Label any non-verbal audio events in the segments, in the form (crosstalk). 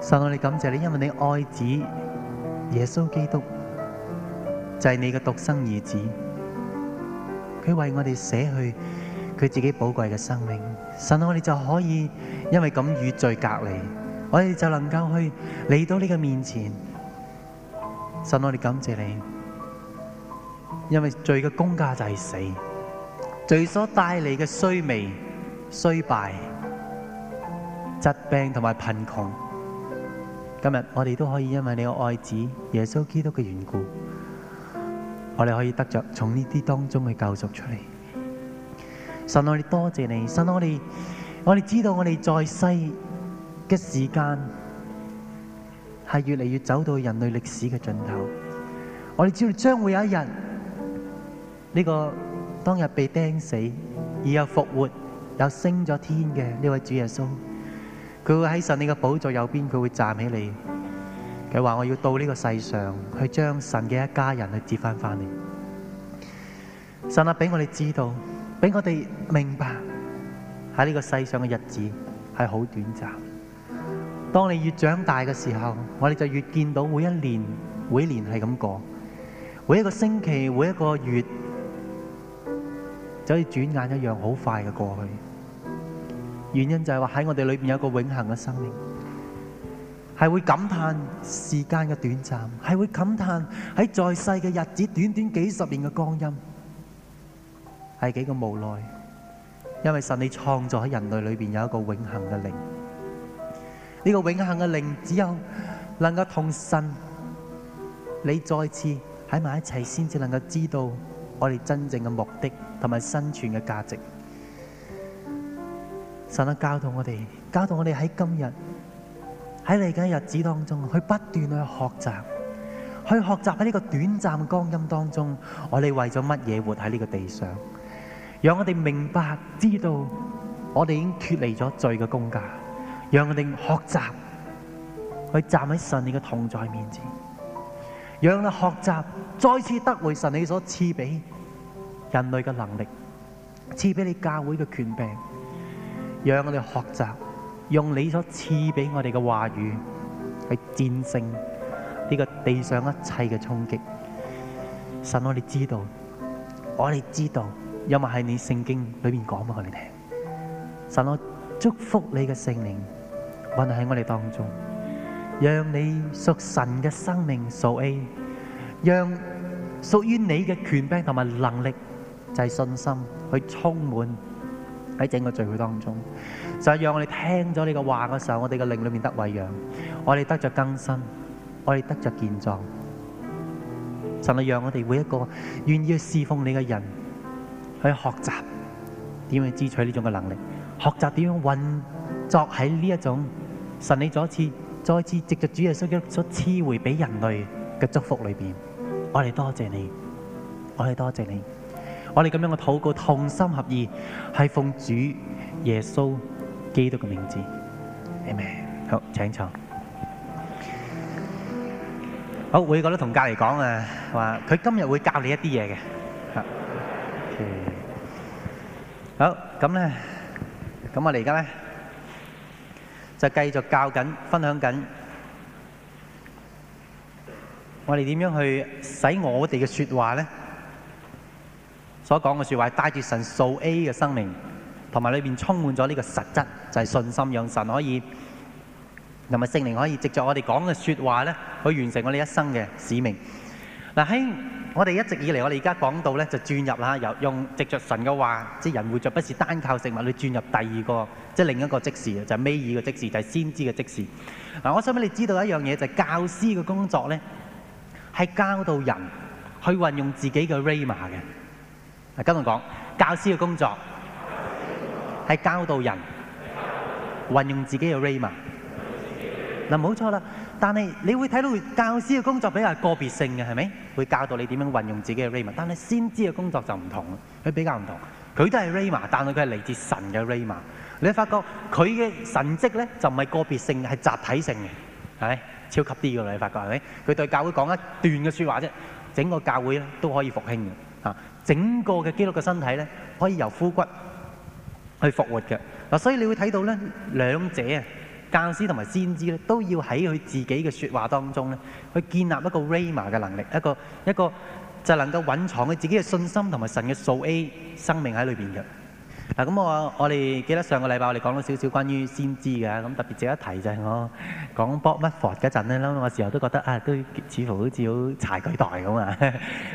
神我哋感謝你，因為你愛子耶穌基督就係、是、你嘅獨生兒子，佢為我哋捨去佢自己寶貴嘅生命，神我哋就可以因為咁與罪隔離，我哋就能夠去嚟到你嘅面前。神我哋感謝你，因為罪嘅工價就係死，罪所帶嚟嘅衰微、衰敗、疾病同埋貧窮。今日我哋都可以因為你嘅愛子耶穌基督嘅緣故，我哋可以得着從呢啲當中去救贖出嚟。神我哋多謝你，神我哋我哋知道我哋在世嘅時間係越嚟越走到人類歷史嘅盡頭。我哋知道將會有一日呢個當日被釘死而又復活又升咗天嘅呢位主耶穌。佢會喺神你嘅寶座右邊，佢會站起嚟。佢話我要到呢個世上去將神嘅一家人去接翻翻嚟。神啊，俾我哋知道，俾我哋明白，喺呢個世上嘅日子係好短暫。當你越長大嘅時候，我哋就越見到每一年、每年係咁過，每一個星期、每一個月，就好似轉眼一樣好快嘅過去。原因就係話喺我哋裏面有一個永恒嘅生命，係會感嘆時間嘅短暫，係會感嘆喺在世嘅日子短短幾十年嘅光陰係幾咁無奈，因為神你創造喺人類裏面有一個永恒嘅靈，呢個永恒嘅靈只有能夠同神你再次喺埋一齊，先至能夠知道我哋真正嘅目的同埋生存嘅價值。神都教導我哋，教導我哋喺今日，喺嚟緊日子當中，去不斷去學習，去學習喺呢個短暫光陰當中，我哋為咗乜嘢活喺呢個地上？讓我哋明白知道，我哋已經脫離咗罪嘅工架，讓我哋學習去站喺神你嘅同在面前，讓我哋學習再次得回神你所賜俾人類嘅能力，賜俾你教會嘅權柄。讓我哋學習用你所賜俾我哋嘅話語去戰勝呢個地上一切嘅衝擊。神，我哋知道，我哋知道，因為喺你聖經裏面講俾我哋聽。神，我祝福你嘅聖靈運行喺我哋當中，讓你屬神嘅生命受 A，讓屬於你嘅權柄同埋能力就係、是、信心去充滿。喺整個聚會當中，就係讓我哋聽咗你嘅話嘅時候，我哋嘅靈裏面得餵養，我哋得著更新，我哋得著健壯。神啊，讓我哋每一個願意去侍奉你嘅人，去學習點樣支取呢種嘅能力，學習點樣運作喺呢一種神你一次再次藉着主耶穌基督所賜回俾人類嘅祝福裏邊。我哋多謝你，我哋多謝你。我哋咁樣嘅禱告，同心合意，係奉主耶穌基督嘅名字，amen。好，請坐。好，每個都同隔籬講啊，話佢今日會教你一啲嘢嘅。好，咁咧，咁我哋而家咧就繼續教緊，分享緊，我哋點樣去使我哋嘅說話咧？所講嘅説話帶住神數 A 嘅生命，同埋裏邊充滿咗呢個實質，就係、是、信心，讓神可以同埋聖靈可以藉著我哋講嘅説話咧，去完成我哋一生嘅使命嗱。喺、啊、我哋一直以嚟，我哋而家講到咧，就轉入啦、啊，由用藉着神嘅話，即係人活着不是單靠食物，去轉入第二個即係另一個職事，就係尾二嘅職事，就係、是、先知嘅職事嗱、啊。我想畀你知道的一樣嘢就係、是、教師嘅工作咧，係教導人去運用自己嘅 Rama 嘅。跟住講，教師嘅工作係教導人運用自己嘅 Ray 嘛嗱，冇錯啦。但係你會睇到教師嘅工作比較個別性嘅，係咪？會教導你點樣運用自己嘅 Ray 嘛？但係先知嘅工作就唔同啦，佢比較唔同。佢都係 Ray 嘛，但係佢係嚟自神嘅 Ray 嘛。你發覺佢嘅神跡咧，就唔係個別性，係集體性嘅，係咪？超級啲嘅啦！你發覺係咪？佢對教會講一段嘅説話啫，整個教會咧都可以復興嘅嚇。整個嘅基督嘅身體咧，可以由枯骨去復活嘅。嗱，所以你會睇到咧，兩者啊，教師同埋先知咧，都要喺佢自己嘅說話當中咧，去建立一個 rama 嘅能力，一個一個就能夠隱藏佢自己嘅信心同埋神嘅數 A 生命喺裏面嘅。嗱，咁我我哋記得上個禮拜我哋講咗少少關於先知嘅，咁特別值得一提就係我講 Bob Mumford 嗰陣咧，咧我時候都覺得啊，都似乎好似好柴佢台咁啊。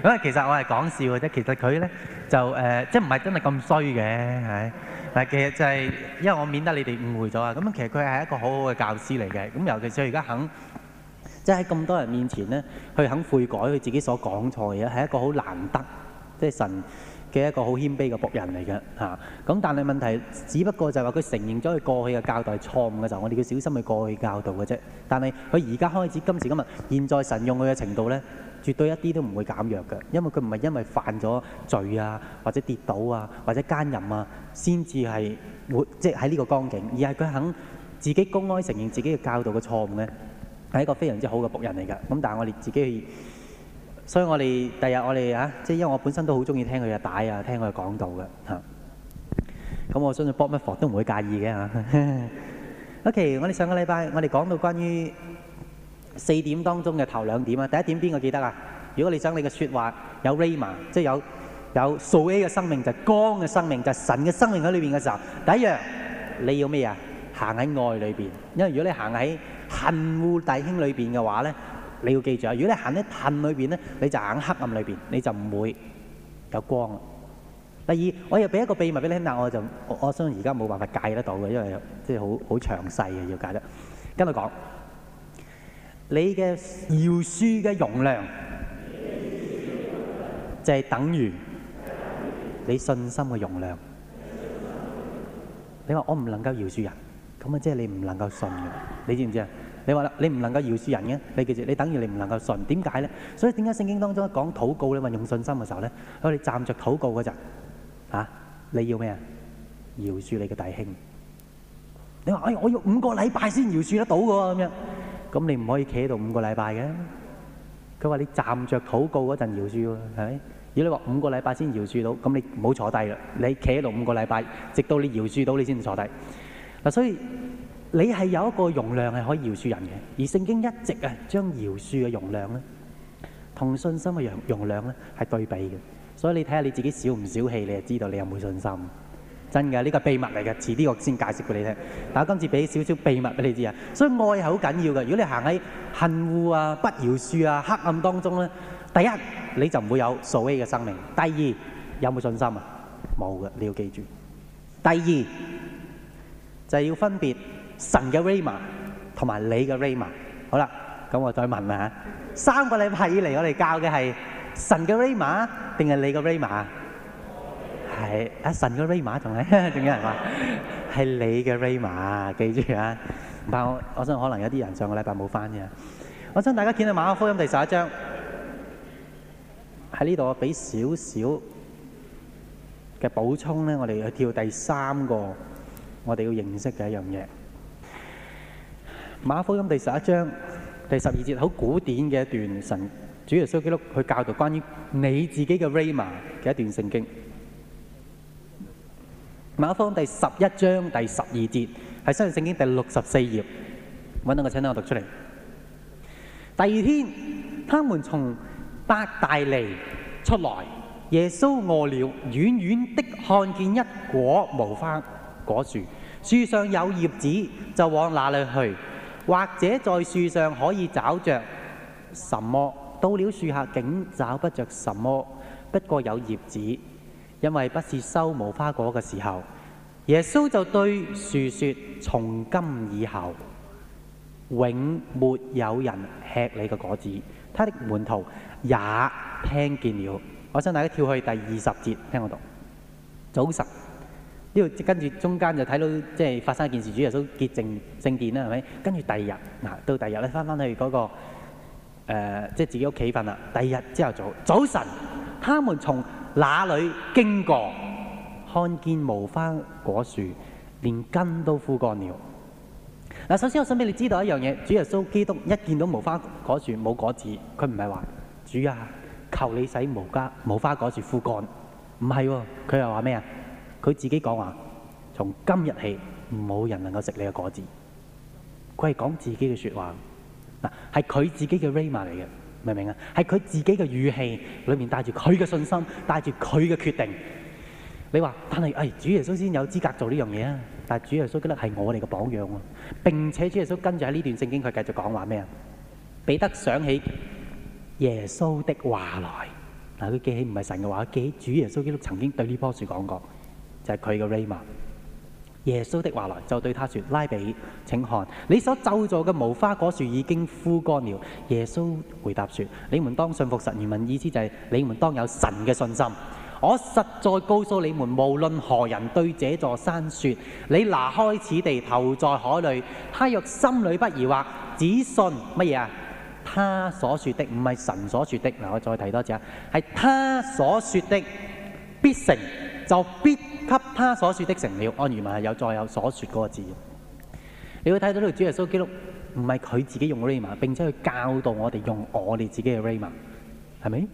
咁啊，其實我係講笑嘅啫。其實佢咧就誒，即係唔係真係咁衰嘅，係。但係其實就係因為我免得你哋誤會咗啊。咁其實佢係一個好好嘅教師嚟嘅。咁尤其是佢而家肯即係喺咁多人面前咧，佢肯悔改佢自己所講錯嘢，係一個好難得，即係神。嘅一個好謙卑嘅僕人嚟嘅嚇，咁、啊、但係問題，只不過就係話佢承認咗佢過去嘅教導係錯誤嘅時候，我哋要小心去過去教導嘅啫。但係佢而家開始今時今日，現在神用佢嘅程度咧，絕對一啲都唔會減弱嘅，因為佢唔係因為犯咗罪啊，或者跌倒啊，或者奸淫啊，先至係會，即係喺呢個光景，而係佢肯自己公開承認自己嘅教導嘅錯誤咧，係一個非常之好嘅僕人嚟嘅。咁但係我哋自己去。所以我哋第日我哋嚇，即係因為我本身都好中意聽佢嘅帶啊，聽佢嘅講道嘅嚇。咁我相信 Bob Mumford 都唔會介意嘅嚇。OK，我哋上個禮拜我哋講到關於四點當中嘅頭兩點啊，第一點邊個記得啊？如果你想你嘅説話有 Rhema，即係有有 Zoe 嘅生命就係光嘅生命就係神嘅生命喺裏邊嘅時候，第一樣你要咩啊？行喺愛裏邊，因為如果你行喺恨惡弟兄裏邊嘅話咧。你要記住啊！如果你行喺暗裏邊咧，你就行喺黑暗裏邊，你就唔會有光。第二，我又俾一個秘密俾你聽，但，我就我相信而家冇辦法解得到嘅，因為即係好好詳細嘅要解得。跟住講，你嘅饒恕嘅容量就係等於你信心嘅容量。你話我唔能夠饒恕人，咁啊，即係你唔能夠信嘅，你知唔知啊？你話啦，你唔能夠饒恕人嘅，你記住，你等於你唔能夠信。點解咧？所以點解聖經當中一講禱告咧，運用信心嘅時候咧，佢話你站着禱告嗰陣，吓你要咩啊？饒恕你嘅弟兄。你話：哎呀，我要五個禮拜先饒恕得到㗎喎，咁樣咁你唔可以企喺度五個禮拜嘅。佢話：你站着禱告嗰陣饒恕喎，係咪？如果你話五個禮拜先饒恕到，咁你唔好坐低啦，你企喺度五個禮拜，直到你饒恕到你先坐低。嗱，所以。你係有一個容量係可以饒恕人嘅，而聖經一直啊將饒恕嘅容量咧同信心嘅容容量咧係對比嘅，所以你睇下你自己小唔小氣，你就知道你有冇信心。真嘅，呢個秘密嚟嘅，遲啲我先介紹俾你聽。但我，今次俾少少秘密俾你知啊，所以愛係好緊要嘅。如果你行喺恨惡啊、不饒恕啊、黑暗當中咧，第一你就唔會有所謂嘅生命；第二有冇信心啊？冇嘅，你要記住。第二就係要分別。神嘅 Rayma 同埋你嘅 Rayma，好啦，咁我再問下，三個禮拜以嚟我哋教嘅係神嘅 Rayma 定係你嘅 Rayma？係啊，神嘅 Rayma 仲係，仲有人話係你嘅 Rayma，記住啊！唔怕，我想可能有啲人上個禮拜冇翻嘅，我想大家見到馬可福音第十一章喺呢度，我俾少少嘅補充咧，我哋去跳第三個我哋要認識嘅一樣嘢。馬可福音第十一章第十二節，好古典嘅一段神主耶穌基督去教導關於你自己嘅 Rayma 嘅一段聖經。馬可福音第十一章第十二節係新約聖經第六十四頁，搵到個，請等我讀出嚟。第二天，他們從伯大尼出來，耶穌餓了，遠遠的看見一果無花果樹，樹上有葉子，就往那裏去。或者在樹上可以找着什麼，到了樹下竟找不着什麼。不過有葉子，因為不是收無花果嘅時候。耶穌就對樹說：從今以後，永沒有人吃你嘅果子。他的門徒也聽見了。我想大家跳去第二十節，聽我讀。早晨。跟住中間就睇到即係發生一件事，主耶穌結正正電潔淨聖殿啦，係咪？跟住第二日嗱，到第二日咧，翻翻去嗰個、呃、即係自己屋企瞓啦。第二日朝頭早，早晨，他們從那裏經過，看見無花果樹，連根都枯乾了。嗱，首先我想俾你知道一樣嘢，主耶穌基督一見到無花果樹冇果子，佢唔係話主啊，求你使無花無花果樹枯乾，唔係喎，佢係話咩啊？佢自己講話，從今日起冇人能夠食你嘅果子。佢係講自己嘅説話，嗱，係佢自己嘅 Rhema 嚟嘅，明唔明啊？係佢自己嘅語氣裏面帶住佢嘅信心，帶住佢嘅決定。你話，但係誒、哎，主耶穌先有資格做呢樣嘢啊！但係主耶穌基督係我哋嘅榜樣啊。並且主耶穌跟住喺呢段聖經他繼續話，佢繼續講話咩啊？彼得想起耶穌的，的話來，嗱，佢記起唔係神嘅話，記起主耶穌基督曾經對呢樖樹講過。就係佢嘅 Rayma。耶穌的話來就對他說：拉比，請看，你所咒詛嘅無花果樹已經枯乾了。耶穌回答說：你們當信服神。原文。意思就係、是、你們當有神嘅信心。我實在告訴你們，無論何人對這座山説：你拿開此地，投在海裏，他若心裏不疑惑，只信乜嘢啊？他所説的唔係神所説的。嗱，我再睇多次，係他所説的必成。就必給他所說的成了。按原文係有再有所説嗰個字。你會睇到呢條主耶穌記錄，唔係佢自己用 language 並且去教導我哋用我哋自己嘅 language 係咪？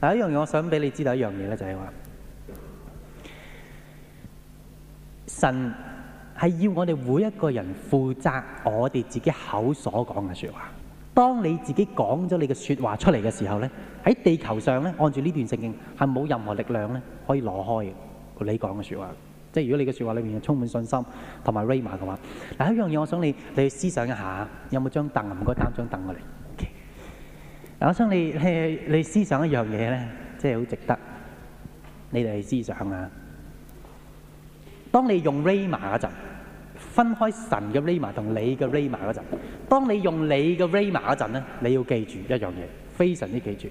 嗱，一樣嘢我想俾你知道一樣嘢咧，就係話神係要我哋每一個人負責我哋自己口所講嘅説話。當你自己講咗你嘅説話出嚟嘅時候呢，喺地球上呢，按住呢段聖經係冇任何力量呢可以攞開嘅。你講嘅説話，即係如果你嘅説話裡面是充滿信心同埋 Ray 馬嘅話，嗱，有一樣嘢我想你你去思想一下，有冇張凳？唔該擔張凳過嚟。Okay. 我想你你，你思想一樣嘢呢，即係好值得。你哋去思想啊！當你用 Ray 馬嗰陣。分開神嘅 Rayma 同你嘅 Rayma 嗰陣，當你用你嘅 Rayma 嗰陣咧，你要記住一樣嘢，非常之記住。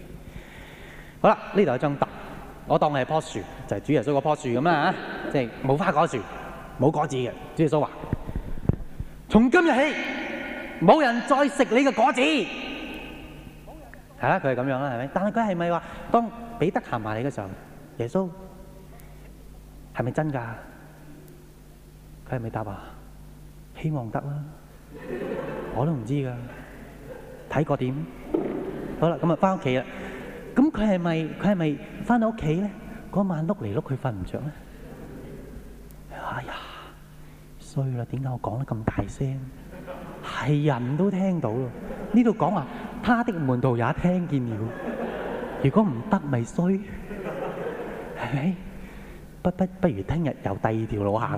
好啦，呢度有一張圖，我當你係棵樹，就係、係、主耶穌嗰棵樹咁啊，即係冇花果樹，冇果子嘅。主耶穌話：從今日起，冇人再食你嘅果子。係啦，佢係咁樣啦，係咪？但係佢係咪話當彼得行埋嚟嘅時候，耶穌係咪真㗎？佢係咪答話？希望得啦，我都唔知噶，睇個點。好啦，咁啊翻屋企啦。咁佢係咪，佢係咪翻到屋企咧？嗰晚碌嚟碌去瞓唔著咧。哎呀，衰啦！點解我講得咁大聲？係人都聽到咯。呢度講話，他的門徒也聽見了。如果唔得咪衰，係咪？不不不如，聽日由第二條路行，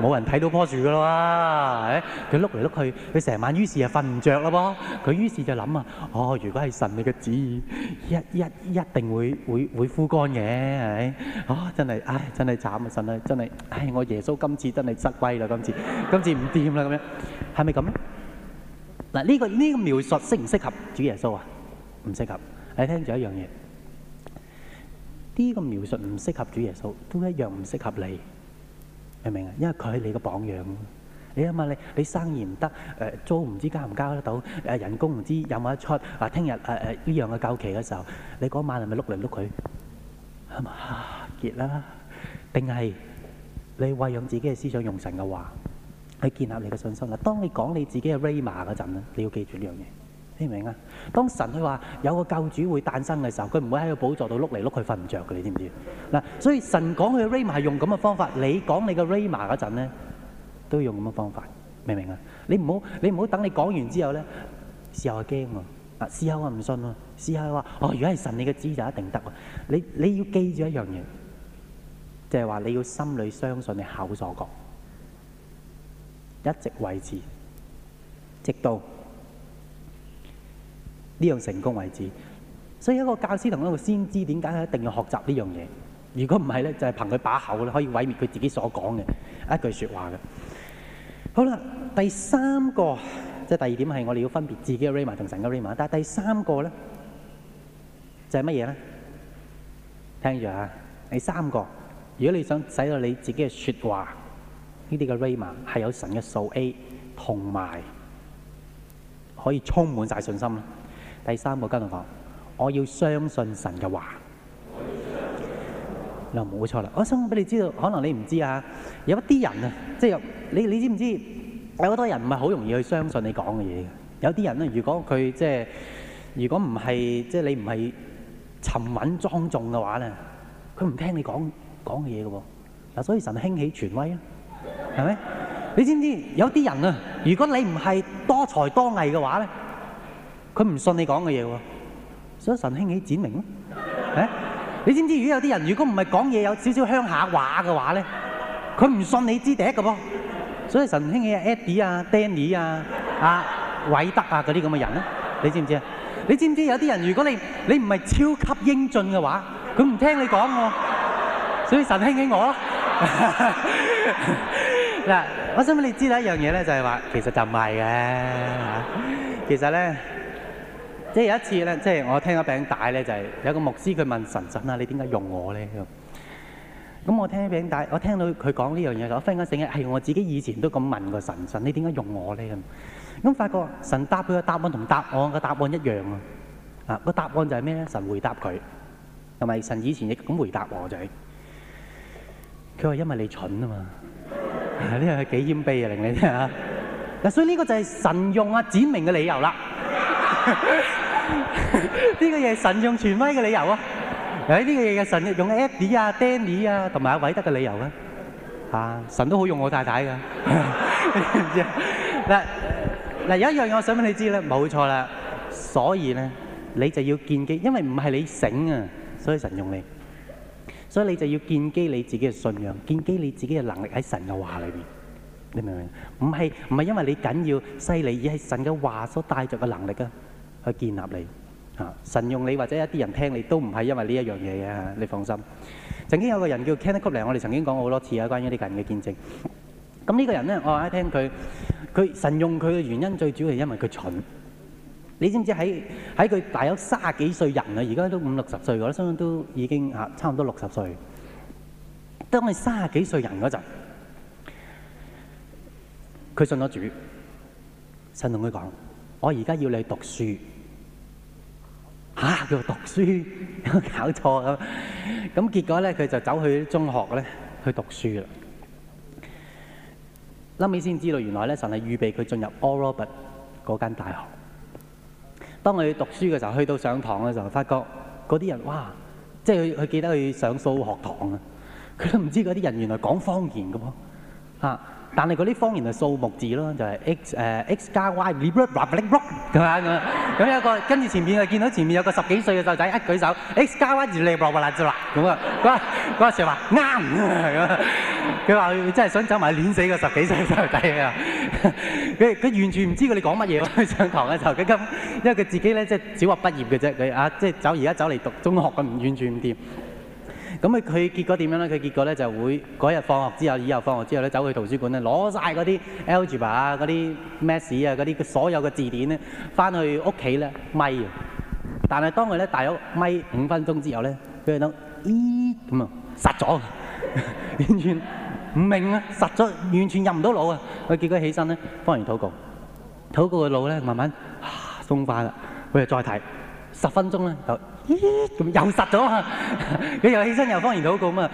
冇人睇到棵樹嘅喇。佢碌嚟碌去，佢成晚於是又瞓唔着啦噃。佢於是就諗，啊，如果係神你嘅旨意，一一一定會會會枯乾嘅，係咪？啊，真係，唉，真係慘啊！神啊，真係，唉，我耶穌今次真係失威啦，今次今次唔掂啦。咁樣，係咪咁？嗱，呢個呢個描述適唔適合主耶穌啊？唔適合，你聽住一樣嘢。呢個描述唔適合主耶穌，都一樣唔適合你，你明唔明啊？因為佢係你嘅榜樣。你諗下，你你生意唔得，誒、呃、租唔知交唔交得到，誒、呃、人工唔知有冇得出，話聽日誒誒呢樣嘅交期嘅時候，你嗰晚係咪碌嚟碌去？係咪嚇結啦？定係你餵養自己嘅思想用神嘅話，去建立你嘅信心啦。當你講你自己係 Rayma 嗰陣，你要記住呢樣嘢。你明唔明啊？當神佢話有個救主會誕生嘅時候，佢唔會喺個寶座度碌嚟碌去瞓唔着嘅，你知唔知？嗱，所以神講佢嘅 rama 係用咁嘅方法，你講你嘅 rama 嗰陣咧，都用咁嘅方法，明唔明啊？你唔好，你唔好等你講完之後咧，事後驚喎，啊，事後我唔信喎，事後話哦，如果係神，你嘅知就一定得。你你要記住一樣嘢，就係話你要心裏相信，你口所講，一直維持，直到。呢樣成功為止，所以一個教師同一個先知點解一定要學習呢樣嘢？如果唔係咧，就係憑佢把口咧，可以毀滅佢自己所講嘅一句說話嘅。好啦，第三個即係第二點係我哋要分別自己嘅 Rayma 同神嘅 Rayma，但係第三個咧就係乜嘢咧？聽住啊，第三個，如果你想使到你自己嘅說話呢啲嘅 Rayma 係有神嘅數 A 同埋可以充滿晒信心。第三個跟住講，我要相信神嘅話。嗱，冇錯啦，我想俾你知道，可能你唔知啊。有一啲人啊，即係你你知唔知？有好多人唔係好容易去相信你講嘅嘢嘅。有啲人咧，如果佢即係如果唔係即係你唔係沉穩莊重嘅話咧，佢唔聽你講講嘅嘢嘅喎。嗱，所以神興起權威啊，係咪？你知唔知有啲人啊？如果你唔係多才多藝嘅話咧？佢唔信你講嘅嘢喎，所以神興起展明咯、欸。你知唔知？如果有啲人如果唔係講嘢有少少鄉下話嘅話咧，佢唔信你知第一嘅噃。所以神興起 Eddie 啊、Danny 啊、啊韋德啊嗰啲咁嘅人咧，你知唔知啊？你知唔知有啲人如果你你唔係超級英俊嘅話，佢唔聽你講喎。所以神興起我咯。嗱， (laughs) (laughs) 我想畀你知啦一樣嘢咧，就係話其實就唔係嘅，其實咧。即係有一次咧，即係我聽個餅帶咧，就係、係、有一個牧師佢問神神啊，你點解用我咧咁？咁我聽餅帶，我聽到佢講呢樣嘢，我忽然間醒起，係我自己以前都咁問過神神，你點解用我咧咁？咁發覺神搭配個答案同答案個答案一樣喎。啊，嗰個答案就係咩咧？神回答佢，同埋神以前亦咁回答我就係。佢話因為你蠢啊嘛，呢個係幾謙卑啊！令你聽下。」嗱，所以呢個就係神用啊指明嘅理由啦。 (laughs) 呢個嘢神用權威嘅理由啊！誒，呢個嘢嘅神用 Andy 啊、Danny 啊同埋阿偉德嘅理由啊，吓，神都好用我太太㗎。嗱嗱，有一樣嘢我想俾你知咧，冇錯啦。所以咧，你就要建基，因為唔係你醒啊，所以神用你，所以你就要建基你自己嘅信仰，建基你自己嘅能力喺神嘅話裏邊，你明唔明？唔係唔係，因為你緊要犀利，而係神嘅話所帶著嘅能力啊。去建立你嚇，神用你或者一啲人聽你都唔係因為呢一樣嘢嘅嚇，你放心。曾經有個人叫 Ken，我哋曾經講過好多次啊，關於呢個人嘅見證。咁呢個人咧，我一聽佢，佢神用佢嘅原因最主要係因為佢蠢。你知唔知喺喺佢大約卅幾歲人啊？而家都五六十歲，我諗相當都已經嚇差唔多六十歲。當你卅幾歲人嗰陣，佢信咗主，神同佢講：我而家要你讀書。哇、啊，佢讀書有搞錯咁？咁結果咧佢就走去中學咧去讀書啦。諗起先知道原來咧，神係預備佢進入阿羅伯嗰間大學。當佢讀書嘅時候，去到上堂嘅時候，發覺嗰啲人哇，即係佢，佢記得去上數學堂啊，佢都唔知嗰啲人原來講方言嘅噃、啊但係嗰啲方言係數目字咯，就係、是、x 誒 x 加 y 嚟啵啦啵嚟啵，係咪啊咁啊？咁 (music) 有個跟住前面啊，見到前面有個十幾歲嘅細路仔一舉手，x 加 y 嚟啵啵喇喇咁啊！嗰嗰陣時話啱啊！佢話佢真係想走埋去捻死個十幾歲細路仔啊！佢佢完全唔知佢哋講乜嘢喎。上堂嘅時候，佢咁，因為佢自己咧即係小學畢業嘅啫，佢啊即係走而家走嚟讀中學咁，完全唔掂。咁佢佢結果點樣咧？佢結果咧就會嗰日放學之後，以後放學之後咧，走去圖書館咧，攞曬嗰啲 algebra 啊、嗰啲 maths 啊、嗰啲所有嘅字典咧，翻去屋企咧，咪。但係當佢咧大咗咪五分鐘之後咧，佢就諗咦咁啊，實咗，完全唔明啊，實咗，完全入唔到腦啊。佢結果起身咧，放完禱告，禱告嘅腦咧慢慢鬆翻啦。佢就再睇十分鐘咧，就。咦，咦！咁又實咗啊！佢又起身又方言禱告咁啊，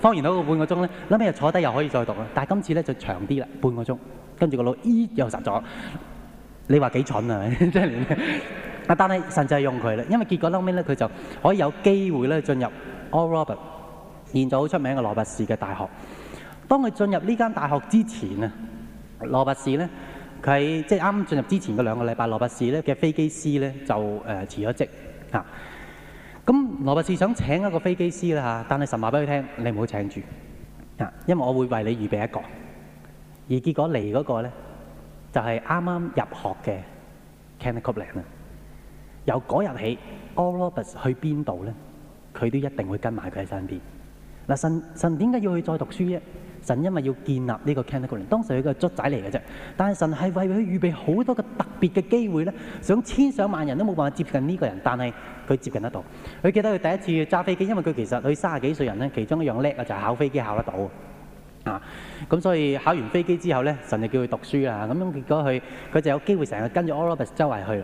方言禱告半個鐘咧，後屘又坐低又可以再讀啊。但係今次咧就長啲啦，半個鐘。跟住個腦咦又實咗，你話幾蠢啊？即係啊！但係神就係用佢啦，因為結果後屘咧佢就可以有機會咧進入 All Robert 現在好出名嘅羅拔士嘅大學。當佢進入呢間大學之前啊，羅拔士咧佢喺即係啱啱進入之前嘅兩個禮拜，羅拔士咧嘅飛機師咧就誒辭咗職啊。咁羅伯士想請一個飛機師啦，但係神話俾佢聽，你唔好請住，因為我會為你預備一個。而結果嚟嗰個咧，就係啱啱入學嘅 c a n n i c l e l n 啦。由嗰日起，All r o b e s 去邊度咧，佢都一定會跟埋佢喺身邊。嗱，神神點解要去再讀書啫？神因為要建立呢個 canadian，當時佢個卒仔嚟嘅啫，但係神係為佢預備好多個特別嘅機會咧，想千上萬人都冇辦法接近呢個人，但係佢接近得到。佢記得佢第一次揸飛機，因為佢其實佢卅幾歲人咧，其中一樣叻啊就係考飛機考得到啊，咁所以考完飛機之後咧，神就叫佢讀書啦，咁樣結果佢佢就有機會成日跟住 Orbis 周圍去。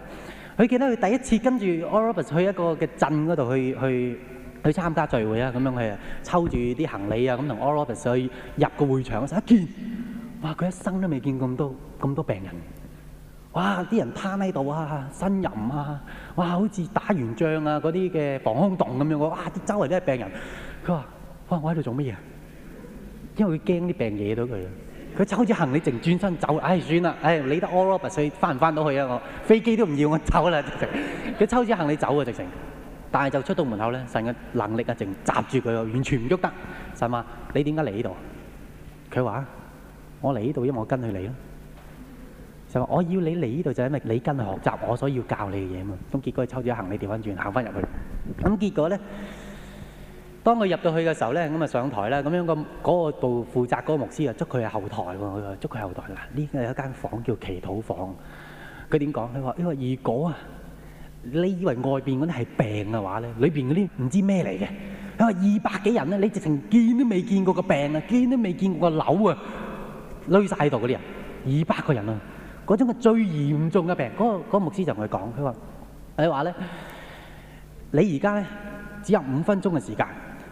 佢記得佢第一次跟住 Orbis 去一個嘅鎮嗰度去去。去去去參加聚會啊，咁樣佢啊抽住啲行李啊，咁同 Oral Roberts 去入個會場嘅時候，一見，哇！佢一生都未見咁多咁多病人，哇！啲人攤喺度啊，呻吟啊，哇！好似打完仗啊，嗰啲嘅防空洞咁樣嘅，哇！啲周圍都係病人。佢話：哇！我喺度做乜嘢？因為佢驚啲病惹到佢。啊。佢抽住行李，淨轉身走。唉、哎，算啦，唉、哎，理得 Oral Roberts 翻唔翻到去啊？我飛機都唔要，我走啦！直成，佢抽住行李走啊！直成。 (laughs) 但係就出到門口咧，神嘅能力啊，淨閘住佢，完全唔喐得。神話：你點解嚟呢度？佢話：我嚟呢度因為我跟佢嚟咯。神話：我要你嚟呢度就因為你跟佢學習我所要教你嘅嘢嘛。咁結果佢抽咗行李掉翻轉，行翻入去。咁結果咧，當佢入到去嘅時候咧，咁啊上台啦，咁樣個嗰個部負責嗰個牧師啊，捉佢喺後台喎，捉佢喺後台嗱，呢個有一間房叫祈禱房。佢點講？佢話：因為如果啊。你以為外邊嗰啲係病嘅話咧，裏邊嗰啲唔知咩嚟嘅。佢話二百幾人咧，你直情見都未見過個病啊，見都未見過個瘤啊，攞晒喺度嗰啲人，二百個人啊，嗰種係最嚴重嘅病。嗰個嗰個牧師就同佢講，佢話你話咧，你而家咧只有五分鐘嘅時間。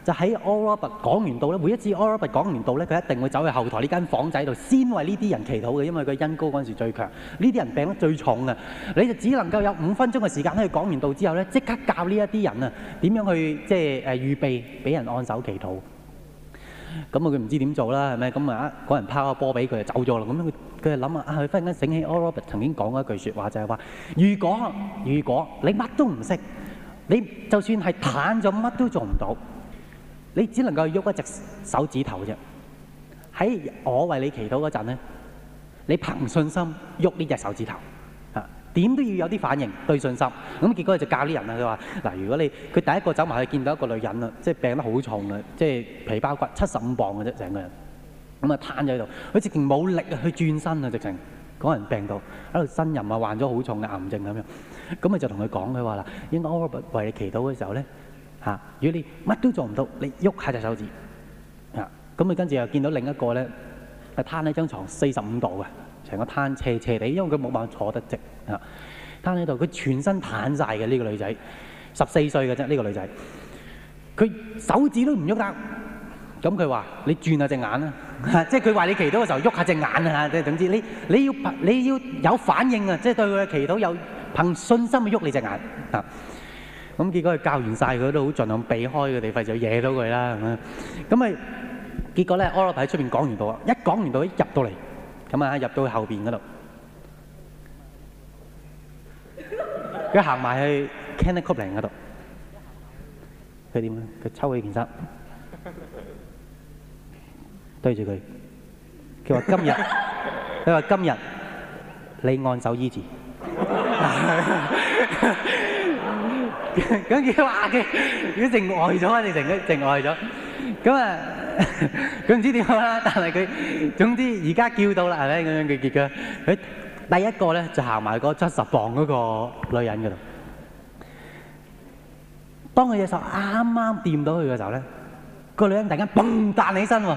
就喺 Allah 伯講完道咧，每一次 Allah 伯講完道咧，佢一定會走去後台呢間房仔度先為呢啲人祈禱嘅，因為佢恩膏嗰陣時最強，呢啲人病得最重啊。你就只能夠有五分鐘嘅時間喺佢講完道之後咧，即刻教呢一啲人啊點樣去即係誒預備俾人按手祈禱。咁啊，佢唔知點做啦，係咪咁啊？嗰人拋個波俾佢，就走咗啦。咁樣佢佢就諗啊，佢忽然間醒起 Allah 伯曾經講過一句説話，就係話：如果如果你乜都唔識，你就算係攤咗乜都做唔到。你只能夠喐一隻手指頭啫。喺我為你祈禱嗰陣咧，你憑信心喐呢隻手指頭，嚇點都要有啲反應對信心。咁結果就教啲人啦，佢話嗱，如果你佢第一個走埋去見到一個女人啦，即係病得好重啦，即係皮包骨七十五磅嘅啫，成個人咁啊攤咗喺度，佢直情冇力啊，去轉身啊，直情講人病到喺度呻吟啊，患咗好重嘅癌症咁樣。咁咪就同佢講，佢話嗱，應該，you know，我為你祈禱嘅時候咧。啊！如果你乜都做唔到，你喐下隻手指啊！咁你跟住又見到另一個咧，係攤喺張床四十五度嘅，成個攤斜斜地，因為佢冇辦法坐得直啊！攤喺度，佢全身攤晒嘅呢個女仔，十四歲嘅啫呢個女仔，佢手指都唔喐得。咁佢話：你轉下隻眼啦，嗯，即係佢話你祈禱嘅時候喐下隻眼啊！即係總之你你要你要有反應啊！即係對佢嘅祈禱有憑信心去喐你隻眼啊！嗯咁結果佢教完曬，佢都好盡量避開嘅地方，就惹到佢啦，係咪？咁咪結果咧，阿樂喺出邊講完到，一講完到一入到嚟，咁啊入到去後邊嗰度，佢行埋去 Kenneth Copeland 嗰度，佢點咧？佢抽起件衫，對住佢，佢話今日，佢話今日你按手醫治。咁佢話：如果靜呆咗，定淨都靜呆咗。咁啊，咁唔知點講啦。但係佢總之而家叫到啦，係咪咁樣嘅結果？佢第一個咧就行埋嗰七十磅嗰個女人嗰度。當佢隻手啱啱掂到佢嘅時候咧，個女人突然間蹦彈起身喎。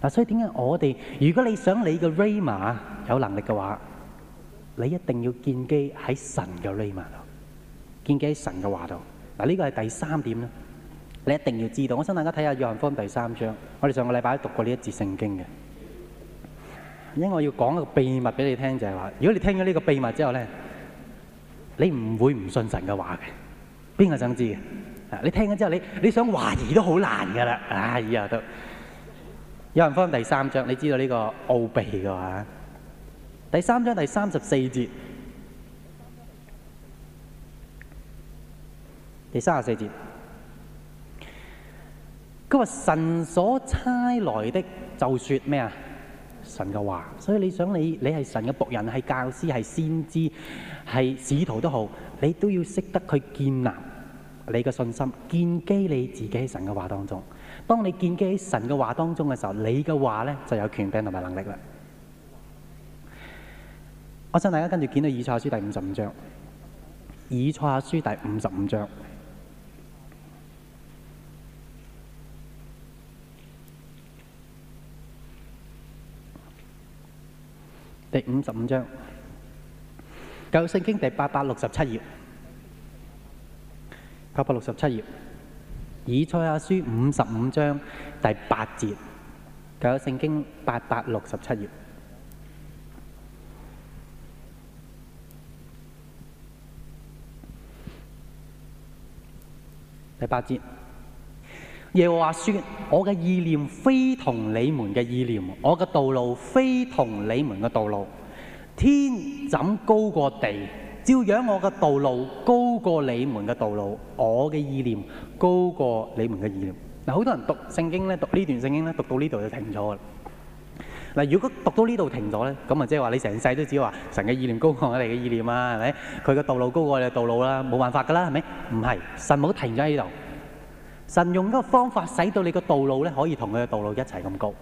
嗱，所以點解我哋，如果你想你嘅 Rama 有能力嘅話，你一定要建基喺神嘅 Rama 度，建基喺神嘅話度。嗱，呢個係第三點啦。你一定要知道。我想大家睇下約翰福音第三章，我哋上個禮拜都讀過呢一節聖經嘅。因為我要講一個秘密俾你聽，就係話，如果你聽咗呢個秘密之後咧，你唔會唔信神嘅話嘅。邊個想知嘅？你聽咗之後，你你想懷疑都好難噶啦。啊，以後都。有人約翰福音第三章，你知道呢個奧秘的話，第三章第三十四節，第三十四節，佢話，神所差來的就說咩呀？神嘅話。所以你想你你係神嘅僕人，係教師，係先知，係使徒都好，你都要識得去建立你嘅信心，建基你自己喺神嘅話當中。當你建基喺神嘅話當中嘅時候，你嘅話咧就有權柄同埋能力啦。我想大家跟住見到以賽亞書第五十五章，以賽亞書第五十五章，第五十五章，舊聖經第八百六十七頁，八百六十七頁。以賽亞書五十五章第八節，九有聖經八百六十七頁，第八節。耶和華話說：我嘅意念非同你們嘅意念，我嘅道路非同你們嘅道路，天怎高過地？照樣，我嘅道路高過你們嘅道路，我嘅意念高過你們嘅意念。嗱，好多人讀聖經咧，讀呢段聖經咧，讀到呢度就停咗啦。嗱，如果讀到呢度停咗咧，咁啊即係話你成世都只係話神嘅意念高過我哋嘅意念啊，係咪？佢嘅道路高過你嘅道路啦，冇辦法㗎啦，係咪？唔係，神冇停咗喺呢度，神用一個方法使到你嘅道路咧可以同佢嘅道路一齊咁高，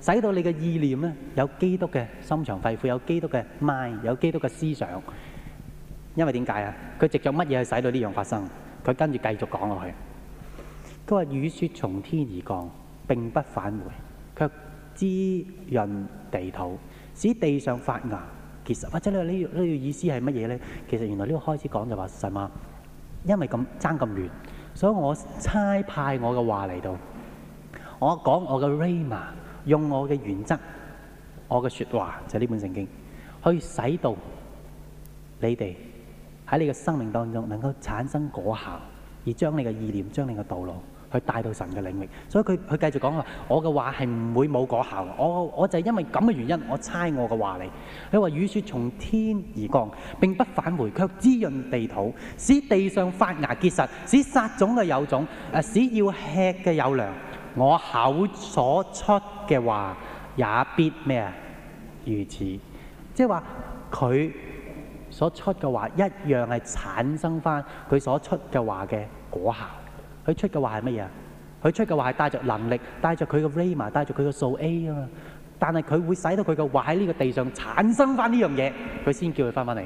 使到你嘅意念咧有基督嘅心腸肺腑，有基督嘅 mind，有基督嘅思想。因為點解啊？佢藉著乜嘢去使到呢樣發生？佢跟住繼續講落去。佢話：雨雪從天而降，並不返回，卻滋潤地土，使地上發芽。其實，或者咧呢呢個意思係乜嘢咧？其實原來呢個開始講就話神啊，因為咁爭咁亂，所以我差派我嘅話嚟到，我講我嘅 rhema 用我嘅原則，我嘅説話就係呢本聖經，去使到你哋。喺你嘅生命當中，能夠產生果效，而將你嘅意念、將你嘅道路，去帶到神嘅領域。所以佢佢繼續講話，我嘅話係唔會冇果效。我我就係因為咁嘅原因，我猜我嘅話嚟。佢話雨雪從天而降，並不返回，卻滋潤地土，使地上發芽結實，使殺種嘅有種，誒，使要吃嘅有糧。我口所出嘅話，也必咩啊？如此，即係話佢。所出嘅話一樣係產生翻佢所出嘅話嘅果效。佢出嘅話係乜嘢？佢出嘅話係帶着能力，帶着佢嘅 Ray，帶着佢嘅數 A 啊嘛。但係佢會使到佢嘅話喺呢個地上產生翻呢樣嘢，佢先叫佢翻翻嚟，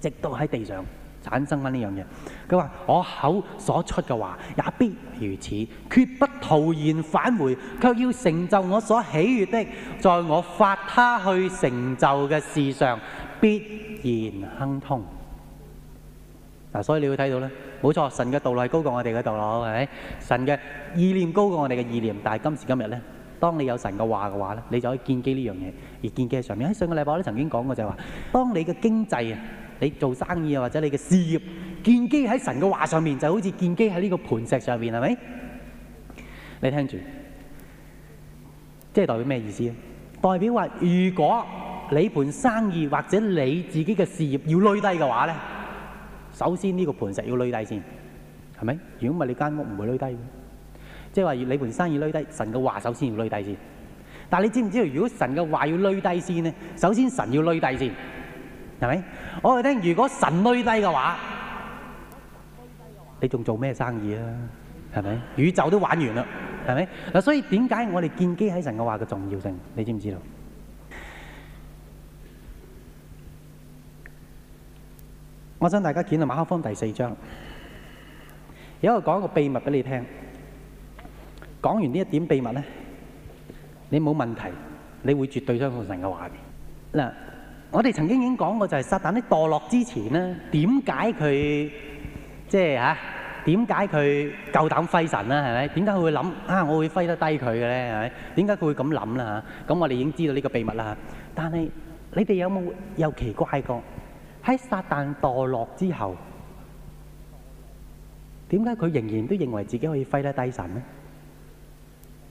直到喺地上產生翻呢樣嘢。佢話：我口所出嘅話也必如此，決不徒然返回，卻要成就我所喜悅的，在我發他去成就嘅事上。必然亨通嗱、啊，所以你會睇到咧，冇錯，神嘅道路高過我哋嘅道路，係咪？神嘅意念高過我哋嘅意念，但係今時今日咧，當你有神嘅話嘅話咧，你就可以建基呢樣嘢，而建基喺上面。喺上個禮拜我都曾經講過就係話，當你嘅經濟啊，你做生意啊或者你嘅事業，建基喺神嘅話上面，就好似建基喺呢個磐石上面係咪？你聽住，即係代表咩意思？代表話如果。你盤生意或者你自己嘅事業要累低嘅話咧，首先呢個盤石要累低先，係咪？如果唔係，你間屋唔會累低嘅。即係話你盤生意累低，神嘅話首先要累低先。但係你知唔知道？如果神嘅話要累低先咧，首先神要累低先，係咪？我哋聽，如果神累低嘅話，你仲做咩生意啊？係咪？宇宙都玩完啦，係咪？嗱，所以點解我哋建基喺神嘅話嘅重要性？你知唔知道？我想大家見到馬可福音第四章，有一個講一個秘密俾你聽。講完呢一點秘密咧，你冇問題，你會絕對相信神嘅話嘅。嗱，我哋曾經已經講過就係撒但喺墮落之前咧，點解佢即係嚇？點解佢夠膽揮神咧？係咪？點解佢會諗啊？我會揮得低佢嘅咧？係咪？點解佢會咁諗啦？嚇？咁我哋已經知道呢個秘密啦。但係你哋有冇又奇怪過？喺撒但墮落之後，點解佢仍然都認為自己可以揮得低神咧？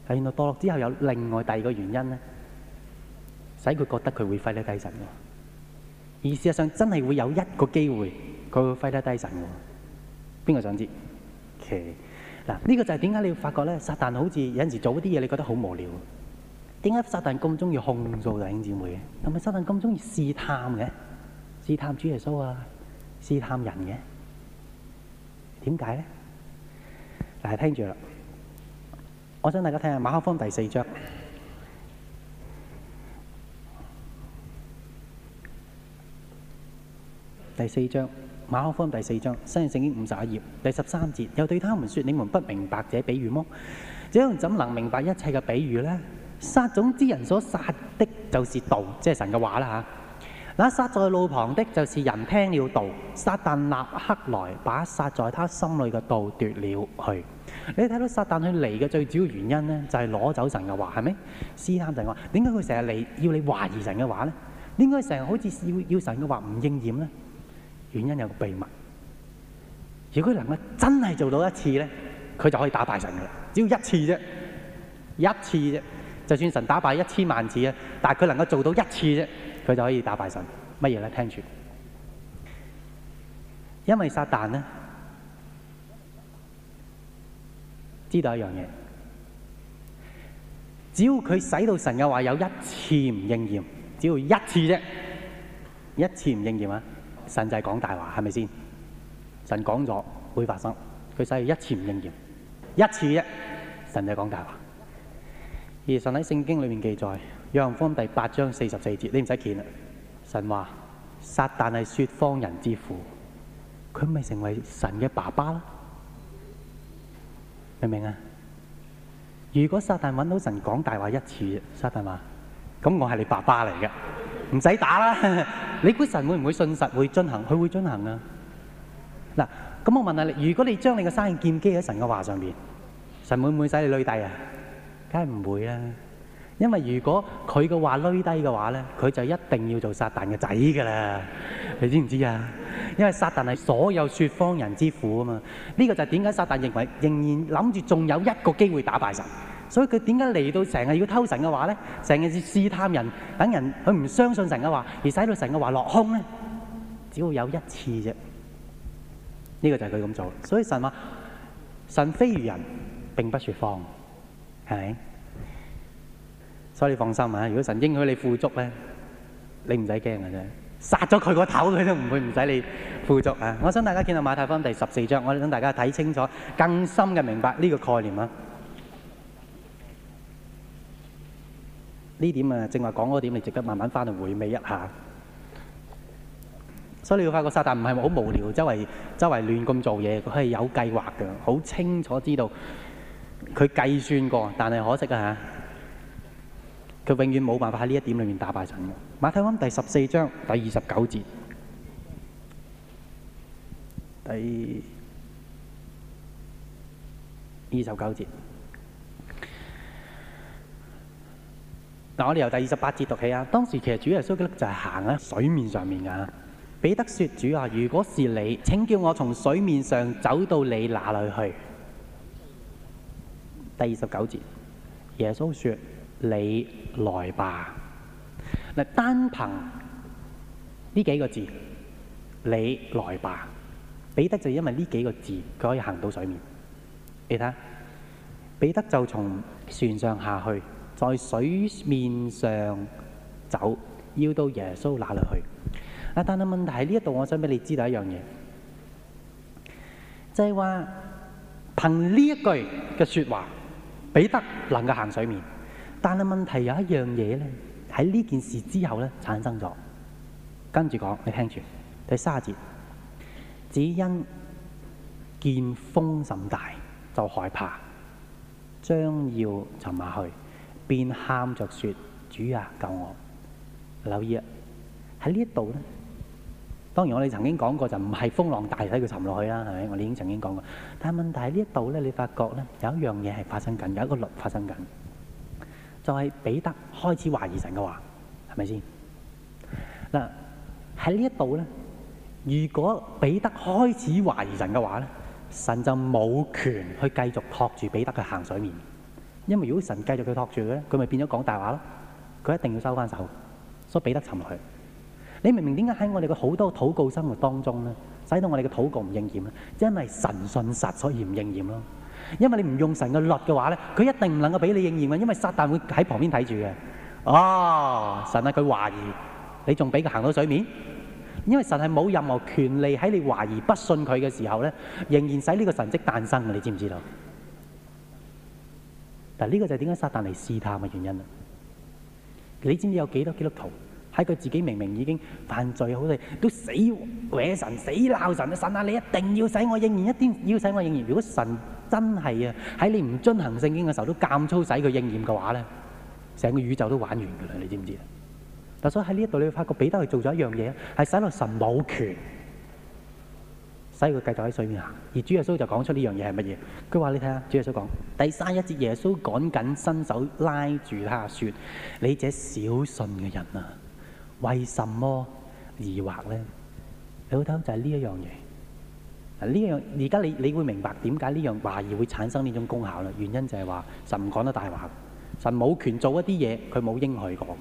係原來墮落之後有另外第二個原因咧，使佢覺得佢會揮得低神嘅。而事實上真係會有一個機會，佢會揮得低神嘅。邊個想知？其嗱呢個就係點解你要發覺咧？撒但好似有陣時做一啲嘢，你覺得好無聊。點解撒但咁中意控訴弟兄姊妹嘅？係咪撒但咁中意試探嘅？試探主耶穌啊，試探人嘅，點解咧？大家，聽住啦，我想大家聽下馬可福音第四章。第四章，馬可福音第四章，新約聖經五十一頁第十三節，又對他們說：你們不明白這比喻麼？這樣怎能明白一切嘅比喻咧？殺種之人所殺的，就是道，即係神嘅話啦吓。那撒在路旁的，就是人聽了道，撒但立刻來把撒在他心裏嘅道奪了去。你睇到撒但去嚟嘅最主要原因咧，就係攞走神嘅話，係咪？斯坦就話，點解佢成日嚟要你懷疑神嘅話咧？點解成日好似要要神嘅話唔應驗咧？原因有個秘密。如果佢能夠真係做到一次咧，佢就可以打敗神嘅。只要一次啫，一次啫，就算神打敗一千萬次啊，但係佢能夠做到一次啫。佢就可以打敗神乜嘢咧？聽住，因為撒旦咧，知道一樣嘢，只要佢使到神嘅話有一次唔應驗，只要一次啫，一次唔應驗啊！神就係講大話，係咪先？神講咗會發生，佢使一次唔應驗，一次啫，神就講大話。而神喺聖經裏面記載。約方第八章四十四節，你唔使見啦。神話撒但係說謊人之父，佢咪成為神嘅爸爸咯？明唔明啊？如果撒但揾到神講大話一次，撒但話，咁我係你爸爸嚟嘅，唔使打啦。 (laughs) 你估神會唔會信實會進行？佢會進行啊！嗱，咁我問下你，如果你將你嘅生意建基喺神嘅話上邊，神會唔會使你累底啊？梗係唔會啦，啊。因為如果佢嘅話攏低嘅話呢，佢就一定要做撒旦嘅仔㗎喇，你知唔知啊？因為撒旦係所有說謊人之父啊嘛，呢、這個就係點解撒旦認為仍然諗住仲有一個機會打敗神，所以佢點解嚟到成日要偷神嘅話呢？成日試試探人，等人佢唔相信神嘅話，而使到神嘅話落空呢？只要有一次啫。呢、這個就係他佢咁做，所以神話，神非如人，並不說謊，是所以你放心啊！如果神應許你富足咧，你唔使驚嘅啫。殺咗佢個頭，佢都唔會唔使你富足啊！我想大家見到馬太福音第十四章，我想大家睇清楚更深嘅明白呢個概念啊！呢點啊，正話講嗰點，你值得慢慢翻嚟回味一下。所以你要發覺撒但唔係好無聊，周圍周圍亂咁做嘢，佢係有計劃嘅，好清楚知道佢計算過，但係可惜啊！嚇～佢永遠冇辦法喺呢一點裏面打敗神嘅。馬太福音第十四章第二十九節，第二十九節。嗱，我哋由第二十八節讀起啊。當時其實主耶穌就係行喺水面上面嘅。彼得説：主啊，如果是你，請叫我從水面上走到你那裏去。第二十九節，耶穌説：你。來吧，嗱，單憑呢幾個字，你來吧，彼得就因為呢幾個字，佢可以行到水面。你睇，彼得就從船上下去，在水面上走，要到耶穌那裏去。啊，但係問題係呢一度，我想俾你知道一樣嘢，就係話憑呢一句嘅說話，彼得能夠行水面。但係問題有一樣嘢咧，喺呢件事之後咧產生咗。跟住講，你聽住第三節，只因見風甚大，就害怕，將要沉下去，便喊着説：主啊，救我！留意啊，喺呢一度咧，當然我哋曾經講過就唔係風浪大使佢沉落去啦，係咪？我哋已經曾經講過。但係問題喺呢一度咧，你發覺咧有一樣嘢係發生緊，有一個律發生緊。就係、是、彼得開始懷疑神嘅話，係咪先？嗱喺呢一度咧，如果彼得開始懷疑神嘅話咧，神就冇權去繼續托住彼得去行水面，因為如果神繼續佢托住咧，佢咪變咗講大話咯。佢一定要收翻手，所以彼得沉落去。你明唔明點解喺我哋嘅好多禱告生活當中咧，使到我哋嘅禱告唔應驗咧？因為神信實所以唔應驗咯。因為你唔用神嘅律嘅話咧，佢一定唔能夠俾你應驗嘅，因為撒旦會喺旁邊睇住嘅。啊、哦，神啊，佢懷疑，你仲俾佢行到水面？因為神係冇任何權利喺你懷疑不信佢嘅時候咧，仍然使呢個神迹誕生嘅，你知唔知道？嗱，呢個就係點解撒旦嚟試探嘅原因啦。你知唔知有幾多基督徒？喺佢自己明明已經犯罪，好地都死鬼神死鬧神啊！神啊，你一定要使我應驗，一定要使我應驗。如果神真係啊，喺你唔遵行聖經嘅時候都監粗使佢應驗嘅話咧，成個宇宙都玩完噶啦！你知唔知啊？但所以喺呢一度你會發覺彼得係做咗一樣嘢，係使落神冇權，使佢繼續喺水面行。而主耶穌就講出呢樣嘢係乜嘢？佢話：你睇下，主耶穌講第三一節，耶穌趕緊伸手拉住他，説：你這小信嘅人啊！為什麼疑惑呢？咧？老竇就係呢一樣嘢。啊，呢樣而家你你會明白點解呢樣懷疑會產生呢種功效啦？原因就係話神唔講得大話，神冇權做一啲嘢，佢冇應許過。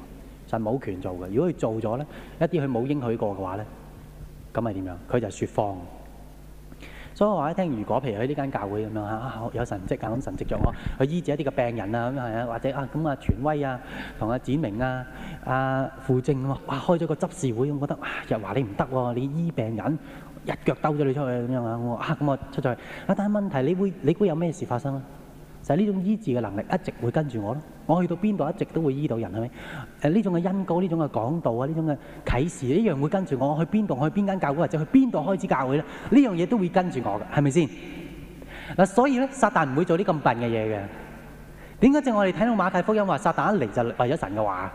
神冇權做嘅，如果佢做咗呢，一啲佢冇應許過嘅話呢，咁係點樣？佢就説謊。所以我話一聽，如果譬如喺呢間教會咁樣嚇，啊、有神跡啊，咁神跡著我，我去醫治一啲嘅病人啊，咁係啊，或者啊咁啊權威啊，同阿展明啊、阿傅正咁哇，開咗個執事會，我覺得又話、啊、你唔得喎，你醫病人一腳兜咗你出去咁樣啊，我啊咁啊出咗去，但係問題，你會你估有咩事發生啊？就係呢種醫治嘅能力，一直會跟住我咯。我去到邊度，一直都會醫到人，係咪？誒呢種嘅因果，呢種嘅講道啊，呢種嘅啟示，一樣會跟住我，我去邊度，我去邊間教會，或者去邊度開始教會咧？呢樣嘢都會跟住我嘅，係咪先？嗱，所以咧，撒旦唔會做啲咁笨嘅嘢嘅。點解？正我哋睇到馬太福音話，撒旦一嚟就為咗神嘅話。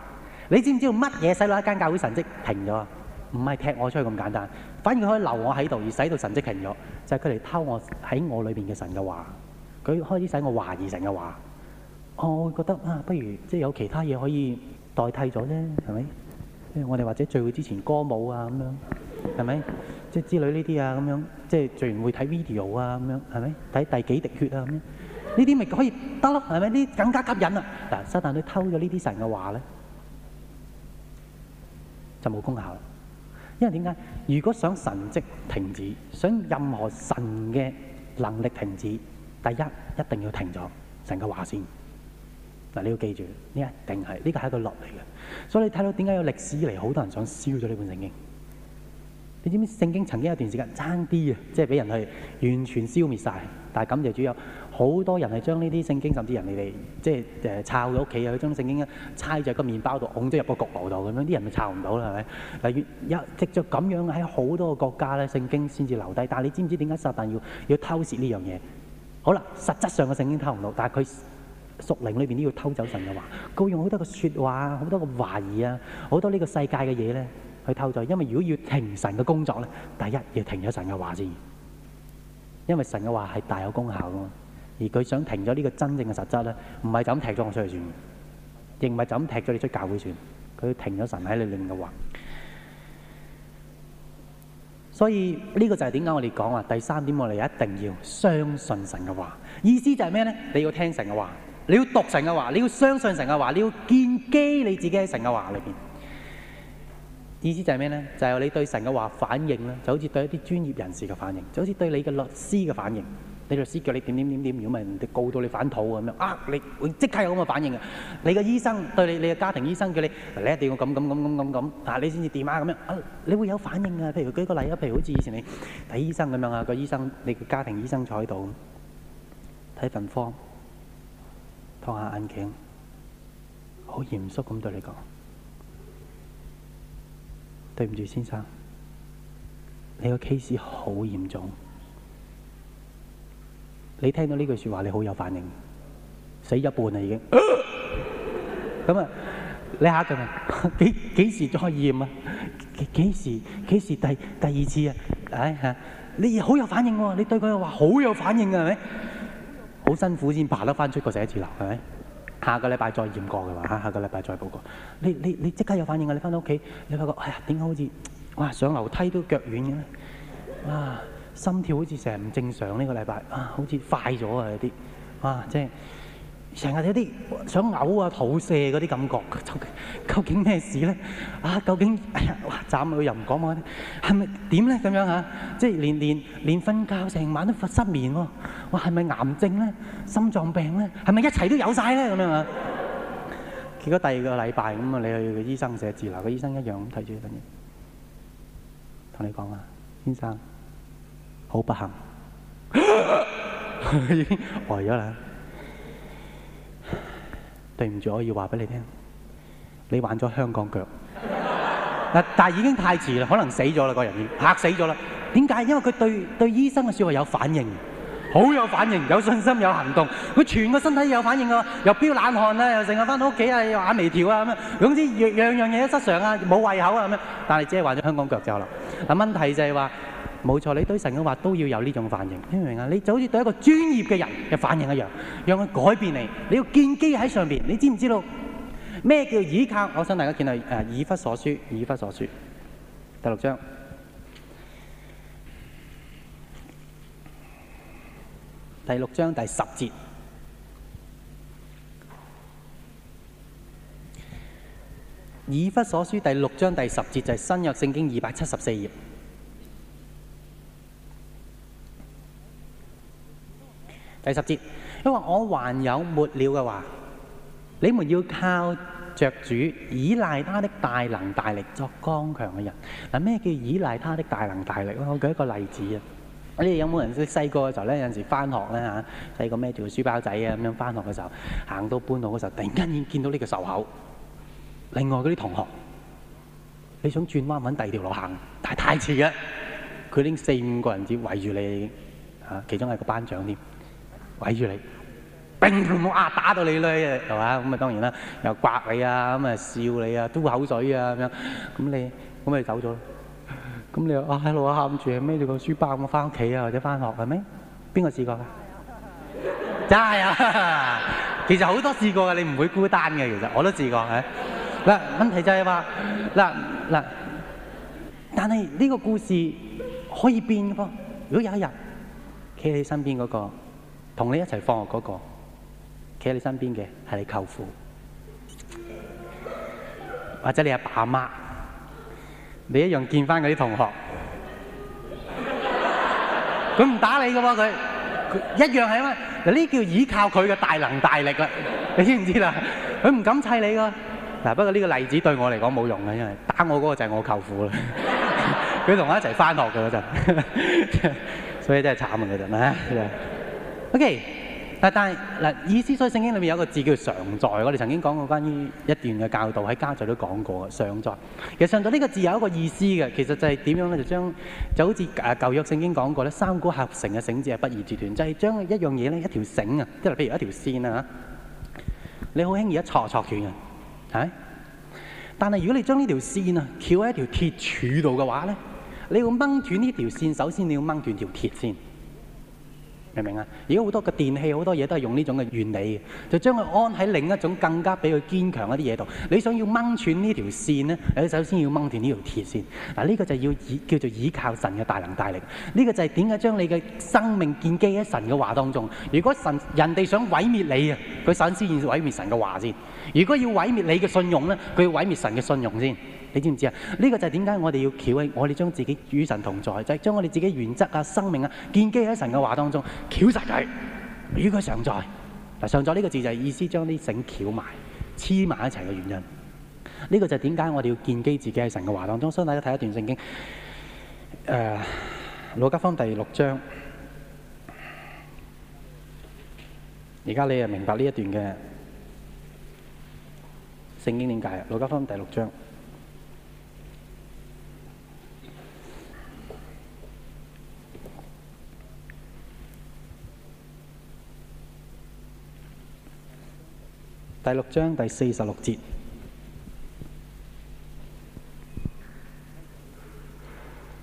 你知唔知道乜嘢使落一間教會神跡停咗？唔係踢我出去咁簡單，反而佢可以留我喺度而使到神跡停咗，就係佢嚟偷我喺我裏邊嘅神嘅話。佢開始使我懷疑神嘅話，我會覺得啊，不如即係有其他嘢可以代替咗啫，係咪？即係我哋或者聚會之前歌舞啊咁樣，係咪？即係之類呢啲啊咁樣，即係聚完會睇 video 啊咁樣，係咪？睇第幾滴血啊咁樣，呢啲咪可以得咯，係咪？呢更加吸引啊。嗱，撒但佢偷咗呢啲神嘅話咧，就冇功效喇。因為點解？如果想神跡停止，想任何神嘅能力停止。第一一定要停咗成個話先。嗱，你要記住呢，呢一定係呢個係一個落嚟嘅，所以你睇到點解有歷史以嚟好多人想燒咗呢本聖經？你知唔知聖經曾經有段時間爭啲啊，即係俾人去完全消滅晒。但係咁就主有好多人係將呢啲聖經甚至人哋嚟即係誒抄咗屋企啊，將、呃、聖經啊猜咗個麪包度，拱咗入個焗爐度咁樣，啲人咪抄唔到啦，係咪？例如一直係咁樣喺好多個國家咧，聖經先至留低。但係你知唔知點解撒旦要要偷竊呢樣嘢？好啦，實質上嘅聖經偷唔到，但係佢屬靈裏邊都要偷走神嘅話，佢用好多個説話、好多個懷疑啊，好多呢個世界嘅嘢咧去偷走。因為如果要停神嘅工作咧，第一要停咗神嘅話先，因為神嘅話係大有功效㗎嘛。而佢想停咗呢個真正嘅實質咧，唔係就咁踢咗我出去算，亦唔係就咁踢咗你出教會算，佢要停咗神喺你裏面嘅話。所以呢、呢個就係點解我哋講話，第三點我哋一定要相信神嘅話。意思就係咩呢？你要聽神嘅話，你要讀神嘅話，你要相信神嘅話，你要建基你自己喺神嘅話裏邊。意思就係咩呢？就係、是、你對神嘅話反應啦，就好似對一啲專業人士嘅反應，就好似對你嘅律師嘅反應。你律師叫你點點點點，如果唔係人哋告到你反肚咁樣，啊你會即刻有咁嘅反應嘅。你嘅醫生對你，你嘅家庭醫生叫你，你一定要咁咁咁咁咁咁，嗱你先至掂啊咁樣，啊你會有反應嘅。譬如舉個例啊，譬如好似以前你睇醫生咁樣啊，個醫生你嘅家庭醫生坐喺度，睇份方，攤下眼鏡，好嚴肅咁對你講，對唔住先生，你個 case 好嚴重。你聽到呢句説話，你好有反應，死一半啦已經了了。咁啊， (laughs) 你嚇佢，幾幾時再驗啊？幾幾時？幾時第第二次啊？唉、哎、嚇、啊，你好有反應喎、啊！你對佢又話好有反應嘅係咪？好辛苦先爬得翻出個寫字樓係咪？下個禮拜再驗過嘅話嚇，下個禮拜再報告。你你你即刻有反應㗎、啊！你翻到屋企，你發覺哎呀，點解好似哇上樓梯都腳軟嘅咧？啊！心跳好似成日唔正常，呢個禮拜啊，好似快咗啊啲，啊即係成日有啲想嘔啊、吐瀉嗰啲感覺，究竟咩事咧？啊，究竟哎呀，斬女又唔講冇咧，係咪點咧咁樣嚇？即係連連連瞓覺成晚都瞓失眠喎，哇係咪癌症咧？心臟病咧？係咪一齊都有曬咧咁啊？結果第二個禮拜咁啊，你去個醫生寫字樓，個醫生一樣咁睇住你，同你講啊，先生。好不幸， (laughs) 佢已經壞咗啦。 (laughs) 對唔住，我要話俾你聽，你患咗香港腳。嗱， (laughs) 但係已經太遲啦，可能死咗啦，個人已經嚇死咗啦。點解？因為佢對對醫生嘅説話有反應，好有反應，有信心，有行動。佢全個身體有反應㗎，又飆冷汗啊，又成日返到屋企啊，又眼眉跳啊咁樣，總之樣樣嘢都失常啊，冇胃口啊咁樣。但係只係患咗香港腳就啦。嗱，問題就係話。冇錯，你對神嘅話都要有呢種反應，聽唔明啊？你就好似對一個專業嘅人嘅反應一樣，讓佢改變你。你要建基喺上邊，你知唔知道咩叫倚靠？我想大家見到誒，以弗所書，以弗所書，第六章，第六章第十節，以弗所書第六章第十節就係新約聖經二百七十四頁。第十節，因為我還有沒了嘅話，你們要靠着主，依賴他的大能大力作剛強嘅人。嗱，咩叫依賴他的大能大力咧？我舉一個例子有有啊。你哋有冇人細細個嘅時候咧，有陣時返學咧嚇，細個孭住個書包仔啊，咁樣返學嘅時候，行到半路嘅時候，突然間見到呢個仇口。另外嗰啲同學，你想轉彎揾第二條路行，但係太遲嘅。佢拎四五個人子圍住你，啊，其中係個班長添。睇住你，砰！我啊打到你啦，係嘛？咁啊當然啦，又刮你啊，咁啊笑你啊，嘟口水啊咁樣。咁你，咁咪走咗。咁你又啊，喺路啊喊住，孭住個書包咁翻屋企啊，或者翻學係咪？邊個試過？真係啊！其實好多試過嘅，你唔會孤單嘅。其實我都試過啊。嗱，問題就係話，嗱嗱，但係呢個故事可以變嘅噃。如果有一日，企喺你身邊嗰個。同你一齊放學嗰個，企喺你身邊嘅係你舅父，或者你阿爸阿媽，你一樣見翻嗰啲同學。佢唔打你嘅喎，佢一樣係啊嘛。嗱，呢叫依靠佢嘅大能大力啦，你知唔知啦？佢唔敢砌你㗎。嗱，不過呢個例子對我嚟講冇用嘅，因為打我嗰個就係我舅父啦。佢同我一齊翻學嘅嗰陣，所以真係慘嘅嗰陣咧。O.K. 嗱，但係嗱意思，所以聖經裏面有個字叫常在，我哋曾經講過關於一段嘅教導，喺家聚都講過啊。常在其實常在呢個字有一個意思嘅，其實就係點樣咧？就將就好似誒舊約聖經講過咧，三股合成嘅繩子係不易折斷，就係、是、將一樣嘢咧，一條繩啊，即係譬如一條線啊嚇，你好輕易一搓搓斷啊。嚇。但係如果你將呢條線啊鉤喺一條鐵柱度嘅話咧，你要掹斷呢條線，首先你要掹斷條鐵先線。明唔明啊？而家好多嘅電器，好多嘢都係用呢種嘅原理嘅，就將佢安喺另一種更加比佢堅強一啲嘢度。你想要掹斷呢條線咧，你首先要掹斷呢條鐵線。嗱，呢個就要以叫做依靠神嘅大能大力。呢個就係點解將你嘅生命建基喺神嘅話當中。如果神人哋想毀滅你啊，佢首先要毀滅神嘅話先。如果要毀滅你嘅信用咧，佢要毀滅神嘅信用先。你知唔知啊？呢、這個就係點解我哋要翹起，我哋將自己與神同在，就係、是、將我哋自己原則啊、生命啊，建基喺神嘅話當中，翹實佢與佢常在。嗱，常在呢個字就係意思將啲繩翹埋、黐埋一齊嘅原因。呢、這個就係點解我哋要建基自己喺神嘅話當中。所以大家睇一段聖經，誒、呃，路加福音第六章。而家你又明白呢一段嘅聖經點解啊？路加福音第六章。第六章第四十六節，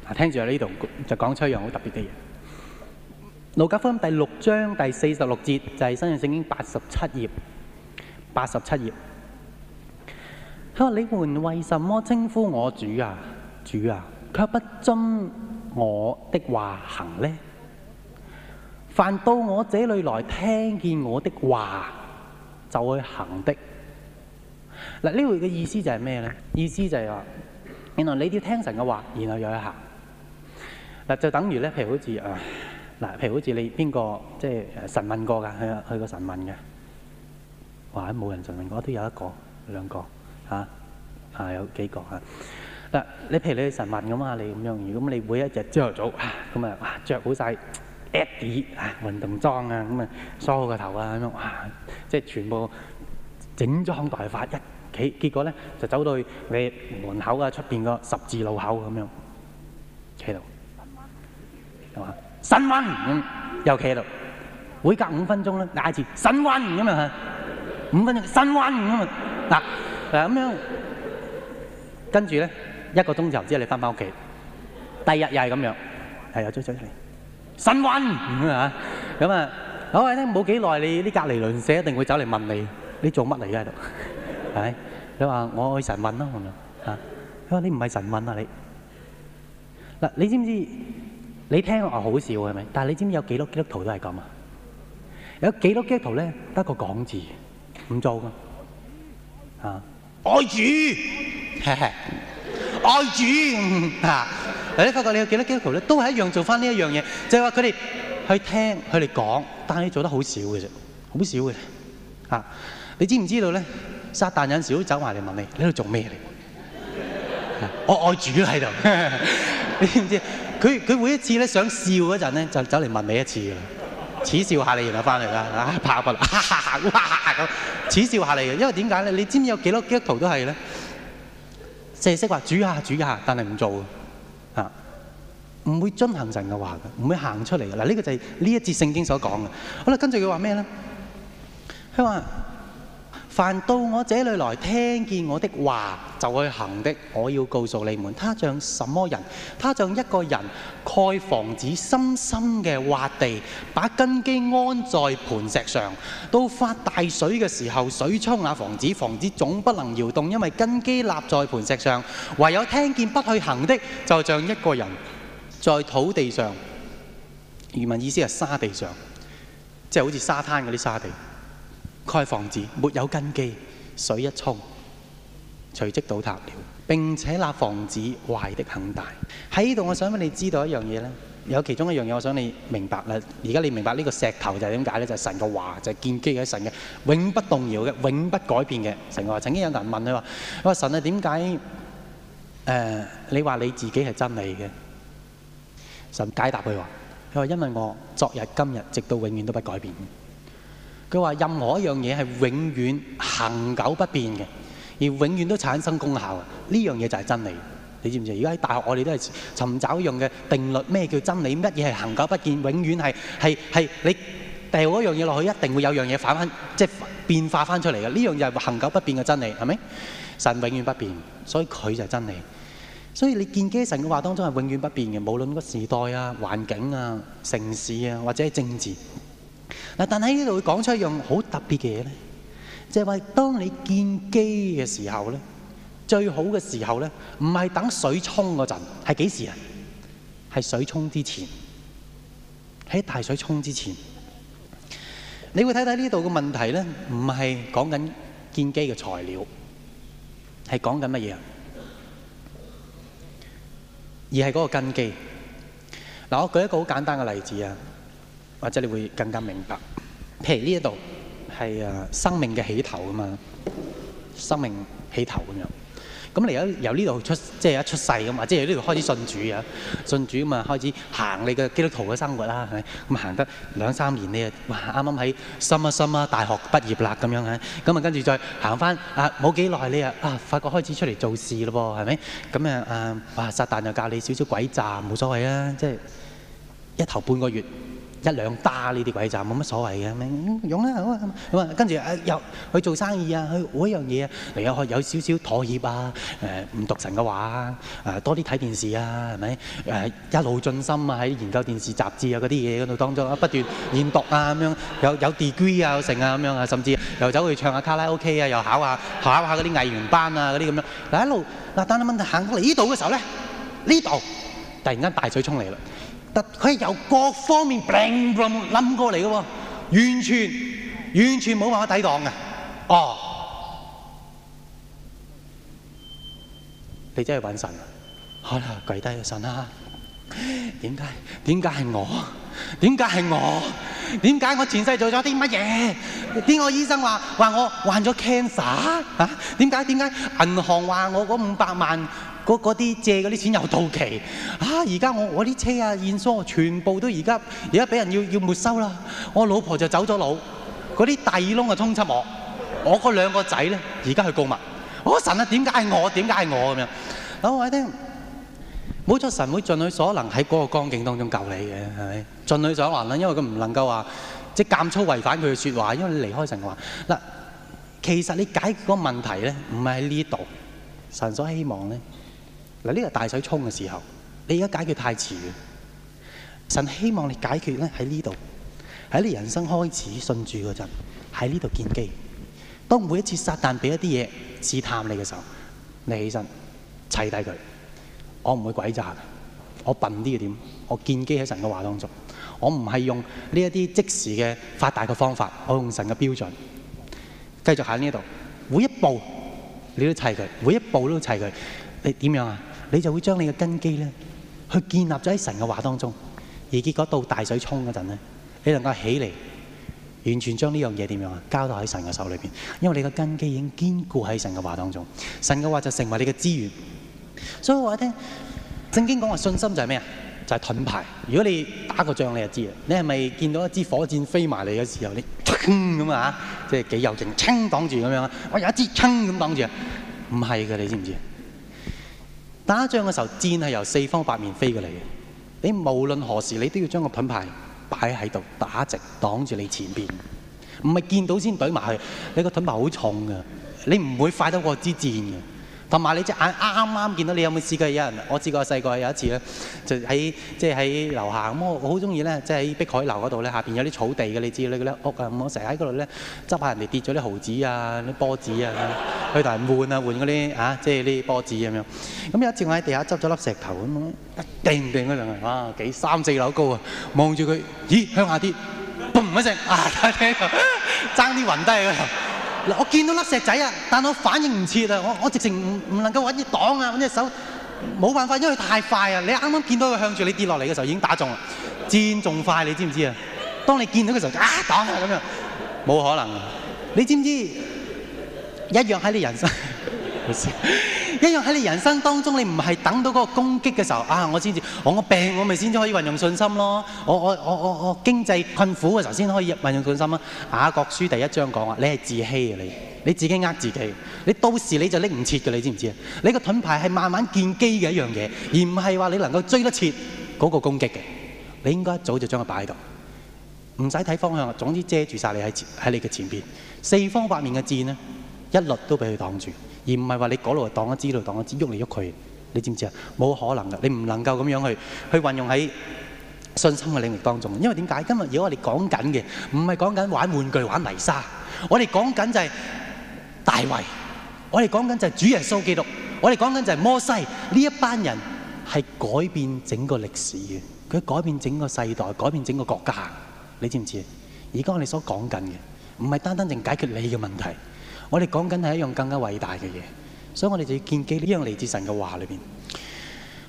嗱，聽住喺呢度就講出一樣好特別嘅嘢。路加福音第六章第四十六節就係新約聖經八十七頁，八十七頁。佢話：你們為什麼稱呼我主啊、主啊，卻不遵我的話行呢？凡到我這裏來聽見我的話，就會行的。嗱，呢回嘅意思就係咩咧？意思就係、是、話，原來你啲聽神嘅話，然後再去行。嗱，就等於咧，譬如好似啊，嗱、呃，譬如好似你邊個即係神問過㗎？去去過神問嘅，話冇人神問過，我都有一個兩個嚇，啊，啊有幾個嚇。嗱、啊，你譬如你去神問咁啊，你咁樣，如果你每一日朝頭早，咁啊着好晒。at 啲啊運動裝啊咁啊梳好個頭啊咁樣哇即係全部整裝待發一企，結果咧就走到去你門口啊出邊個十字路口咁樣企喺度，係嘛？伸冤咁又企喺度，每隔五分鐘咧嗌一次伸冤咁啊，五分鐘伸冤咁啊，嗱咁樣跟住咧一個鐘頭之後你翻返屋企，第二日又係咁樣，係又再再嚟。神問，咁啊，咁啊，好喇，冇幾耐，你啲隔離鄰舍一定會走嚟問你：你做乜嚟嘅喺度？係咪？你話我愛神問啦，咁樣，嚇！你話你唔係神問啊你？嗱，你知唔知？你聽話好笑係咪？但係你知唔知有幾多基督徒都係咁啊？有幾多基督徒咧得個講字唔做㗎？嚇！愛主。愛主嚇，嗱 (laughs) 你發覺你有幾多基督徒咧，都係一樣做翻呢一樣嘢，就係話佢哋去聽佢哋講，但係你做得好少嘅啫，好少嘅嚇。 (laughs) 你知唔知道咧？撒旦有時都走埋嚟問你：你喺度做咩嚟，啊？我愛主喺度。 (laughs) 你知唔知？佢佢每一次咧想笑嗰陣咧，就走嚟問你一次嘅，恥笑下你然後翻嚟啦，嚇，拍下骨，哇咁恥笑下你，因為點解咧？你知唔知有幾多基督徒都係咧？就係識話主下主下，但係唔做啊，不唔會遵行神嘅話，唔會行出嚟嘅。嗱，呢、啊呢個就係呢一節聖經所講嘅。好啦，跟住佢話咩呢？佢話。凡到我這裏來聽見我的話就去行的，我要告訴你們，他像什麼人？他像一個人蓋房子，深深嘅挖地，把根基安在磐石上。到發大水嘅時候，水沖壓房子，房子總不能搖動，因為根基立在磐石上。唯有聽見不去行的，就像一個人在土地上，原文意思係沙地上，即係好似沙灘嗰啲沙地。蓋房子沒有根基，水一沖，隨即倒塌了，並且那房子壞的很大。喺呢度，我想俾你知道一樣嘢咧？有其中一樣嘢，我想你明白啦。而家你明白呢個石頭就係點解咧？就係、是、神嘅話，就係建基嘅神嘅，永不動搖嘅，永不改變嘅。神話曾經有人問佢話：，佢話神啊，點解？誒，你話你自己係真理嘅？神解答佢話：，佢話因為我昨日、今日，直到永遠都不改變。佢話：任何一樣嘢係永遠恆久不變嘅，而永遠都產生功效。呢樣嘢就係真理，你知唔知？而家喺大學，我哋都係尋找一樣嘅定律，咩叫真理？乜嘢係恆久不變？永遠係係係你掉嗰樣嘢落去，一定會有樣嘢反翻，即係變化翻出嚟嘅。呢樣就係恆久不變嘅真理，係咪？神永遠不變，所以佢就係真理。所以你見基於神嘅話當中係永遠不變嘅，無論個時代啊、環境啊、城市啊或者係政治。但喺呢度會講出一樣好特別嘅嘢咧，就係話當你建基嘅時候咧，最好嘅時候咧，唔係等水沖嗰陣，係幾時啊？係水沖之前，喺大水沖之前，你會睇睇呢度嘅問題咧，唔係講緊建基嘅材料，係講緊乜嘢啊？而係嗰個根基。嗱，我舉一個好簡單嘅例子啊。或者你會更加明白，譬如呢一度係誒生命嘅起頭啊嘛，生命起頭咁樣。咁嚟咗由呢度出，即係一出世咁嘛，即係由呢度開始信主啊，信主啊嘛，開始行你嘅基督徒嘅生活啦，係咪咁？行得兩三年，你啊啱啱喺深一深啊，大學畢業啦咁樣啊，咁啊跟住再行翻啊，冇幾耐你啊啊，發覺開始出嚟做事咯噃，係咪咁啊啊？哇撒但又教你少少鬼詐，冇所謂啊，即係一頭半個月。一兩打呢啲鬼站冇乜所謂嘅，用啦好啊，咁啊跟住啊又去做生意啊，去換一樣嘢啊，又有有少少妥協啊，誒、呃、唔讀神嘅話啊、呃，多啲睇電視啊，係咪誒一路進心啊，喺研究電視雜誌啊嗰啲嘢嗰度當中不斷研讀啊，咁樣有有 degree 啊有成啊咁樣啊，甚至又走去唱下卡拉 OK 啊，又考下考下嗰啲藝員班啊嗰啲咁樣，嗱一路嗱但係問題行嚟呢度嘅時候咧，呢度突然間大水沖嚟啦。但佢係由各方面 boom boom 冧過嚟嘅喎，完全完全冇辦法抵擋嘅。哦，你真係搵神，好啦，跪低個神啊！點解點解係我？點解係我？點解我前世做咗啲乜嘢？啲個醫生話話我患咗 cancer 啊？點解點解銀行話我嗰五百萬？嗰啲借嗰啲錢又到期，啊！而家我我啲車啊、現數全部都而家而家俾人要要沒收啦。我老婆就走咗佬，嗰啲大耳窿啊通緝我，我嗰兩個仔咧而家去告密。我、哦、神啊，點解係我？點解係我咁樣？等我說一聽，冇錯，神會盡女所能喺嗰個光景當中救你嘅，係咪？盡女所能啦，因為佢唔能夠話即係間錯違反佢嘅説話，因為你離開神嘅話嗱，其實你解決個問題咧唔係喺呢度，神所希望咧。嗱，呢個大水沖嘅時候，你而家解決太遲。神希望你解決咧喺呢度，喺你人生開始信住嗰陣，喺呢度建基。當每一次撒旦俾一啲嘢試探你嘅時候，你起身砌低佢，我唔會鬼炸，我笨啲又點？我建基喺神嘅話當中，我唔係用呢一啲即時嘅發達嘅方法，我用神嘅標準，繼續喺呢一度，每一步你都砌佢，每一步都砌佢，你點樣啊？你就會將你嘅根基咧，去建立咗喺神嘅話當中，而結果到大水沖嗰陣咧，你能夠起嚟，完全將呢樣嘢點樣啊，交到喺神嘅手裏邊，因為你嘅根基已經堅固喺神嘅話當中，神嘅話就成為你嘅資源。所以我一聽，聖經講話信心就係咩啊？就係、是、盾牌。如果你打個仗，你就知啊。你係咪見到一支火箭飛埋嚟嘅時候，你噌咁啊，即係幾有型，噌擋住咁樣啊？我有一支噌咁擋住啊？唔係嘅，你知唔知？打仗嘅時候，箭係由四方八面飛過嚟嘅。你無論何時，你都要將個盾牌擺喺度，打直擋住你前邊，唔係見到先懟埋去。你個盾牌好重㗎，你唔會快得過支箭㗎。同埋你隻眼啱啱見到，你有冇試過？有人我試過細個有一次咧，就喺即係喺樓下咁，我好中意咧，即係喺碧海樓嗰度咧，下邊有啲草地嘅，你知咧，屋啊，我成日喺嗰度咧執下人哋跌咗啲毫子啊、啲波子啊，去同人換,換啊，換嗰啲啊，即係啲波子咁樣。咁有一次我喺地下執咗粒石頭咁樣，一掟掟嗰陣，哇幾三四樓高啊！望住佢，咦向下跌，嘣一聲，啊睇下爭啲暈低。嗱，我見到粒石仔啊，但係我反應唔切啊，我我直情唔唔能夠揾啲擋啊，揾隻手冇辦法，因為太快啊！你啱啱見到佢向住你跌落嚟嘅時候已經打中啦，箭仲快你知唔知啊？當你見到嘅時候就啊擋啊咁樣，冇可能！你知唔知一樣喺你人生？ (laughs) 一樣喺你人生當中，你唔係等到嗰個攻擊嘅時候啊！我先至我個病，我咪先至可以運用信心咯。我我我我我經濟困苦嘅時候先可以運用信心啊。《雅各書》第一章講話，你係自欺啊！你你自己呃自己，你到時你就拎唔切嘅。你知唔知啊？你個盾牌係慢慢建基嘅一樣嘢，而唔係話你能夠追得切嗰個攻擊嘅。你應該一早就將佢擺喺度，唔使睇方向，總之遮住晒你喺喺你嘅前邊，四方八面嘅箭呢，一律都俾佢擋住。而唔係話你嗰度嚟擋一枝路，擋一枝喐嚟喐去，你知唔知啊？冇可能㗎，你唔能夠咁樣去去運用喺信心嘅領域當中。因為點解？今日如果我哋講緊嘅唔係講緊玩玩具、玩泥沙，我哋講緊就係大衛，我哋講緊就係主耶穌基督，我哋講緊就係摩西。呢一班人係改變整個歷史嘅，佢改變整個世代，改變整個國家。你知唔知？而家我哋所講緊嘅唔係單單凈解決你嘅問題。我哋講緊係一樣更加偉大嘅嘢，所以我哋就要建基。呢樣嚟自神嘅話裏邊。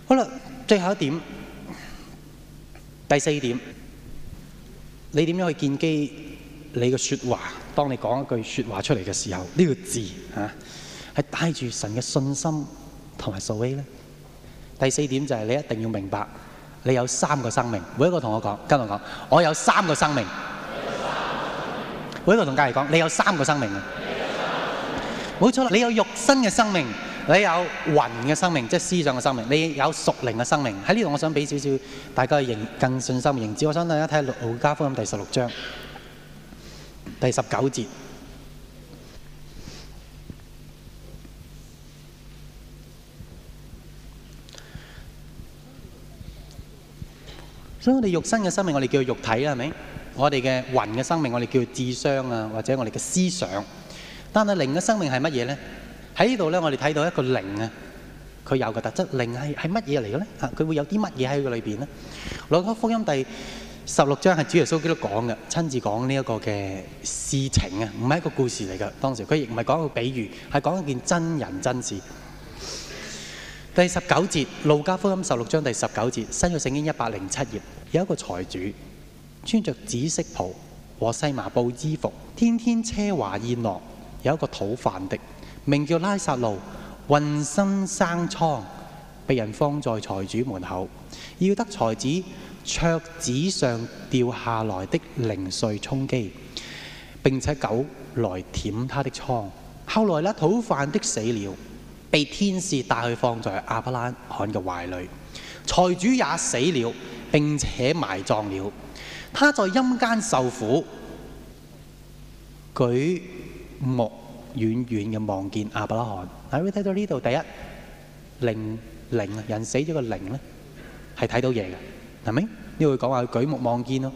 好啦，最後一點，第四點，你點樣去建基？你嘅説話，當你講一句説話出嚟嘅時候，呢、這個字嚇係帶住神嘅信心同埋素威咧。第四點就係你一定要明白，你有三個生命。每一個同我講，跟我講，我有三個生命。 (laughs) 每一個同隔籬講，你有三個生命。 (laughs) 冇錯啦！你有肉身嘅生命，你有魂嘅生命，即係思想嘅生命，你有屬靈嘅生命。喺呢度，我想俾少少大家認更信心嘅認知。我想大家睇《路加福音》第十六章第十九節。所以我哋肉身嘅生命，我哋叫肉體啦，係咪？我哋嘅魂嘅生命，我哋叫智商啊，或者我哋嘅思想。但係靈嘅生命係乜嘢咧？喺呢度咧，我哋睇到一個靈啊，佢有個特質。靈係係乜嘢嚟嘅咧？啊，佢會有啲乜嘢喺個裏邊咧？路加福音第十六章係主耶穌基督講嘅，親自講呢一個嘅事情啊，唔係一個故事嚟嘅。當時佢亦唔係講一個比喻，係講一件真人真事。第十九節路加福音十六章第十九節，新約聖經一百零七頁，有一個財主，穿着紫色袍和細麻布衣服，天天奢華宴樂。有一個討飯的，名叫拉撒路，渾身生瘡，被人放在財主門口，要得財主桌子上掉下來的零碎充飢，並且狗來舔他的瘡。後來咧，討飯的死了，被天使帶去放在亞伯拉罕嘅懷裏。財主也死了，並且埋葬了，他在陰間受苦，佢。目遠遠嘅望見亞伯拉罕，嗱，你睇到呢度，第一靈，靈，啊，人死咗個靈咧係睇到嘢嘅，係咪？因為講話佢舉目望見咯。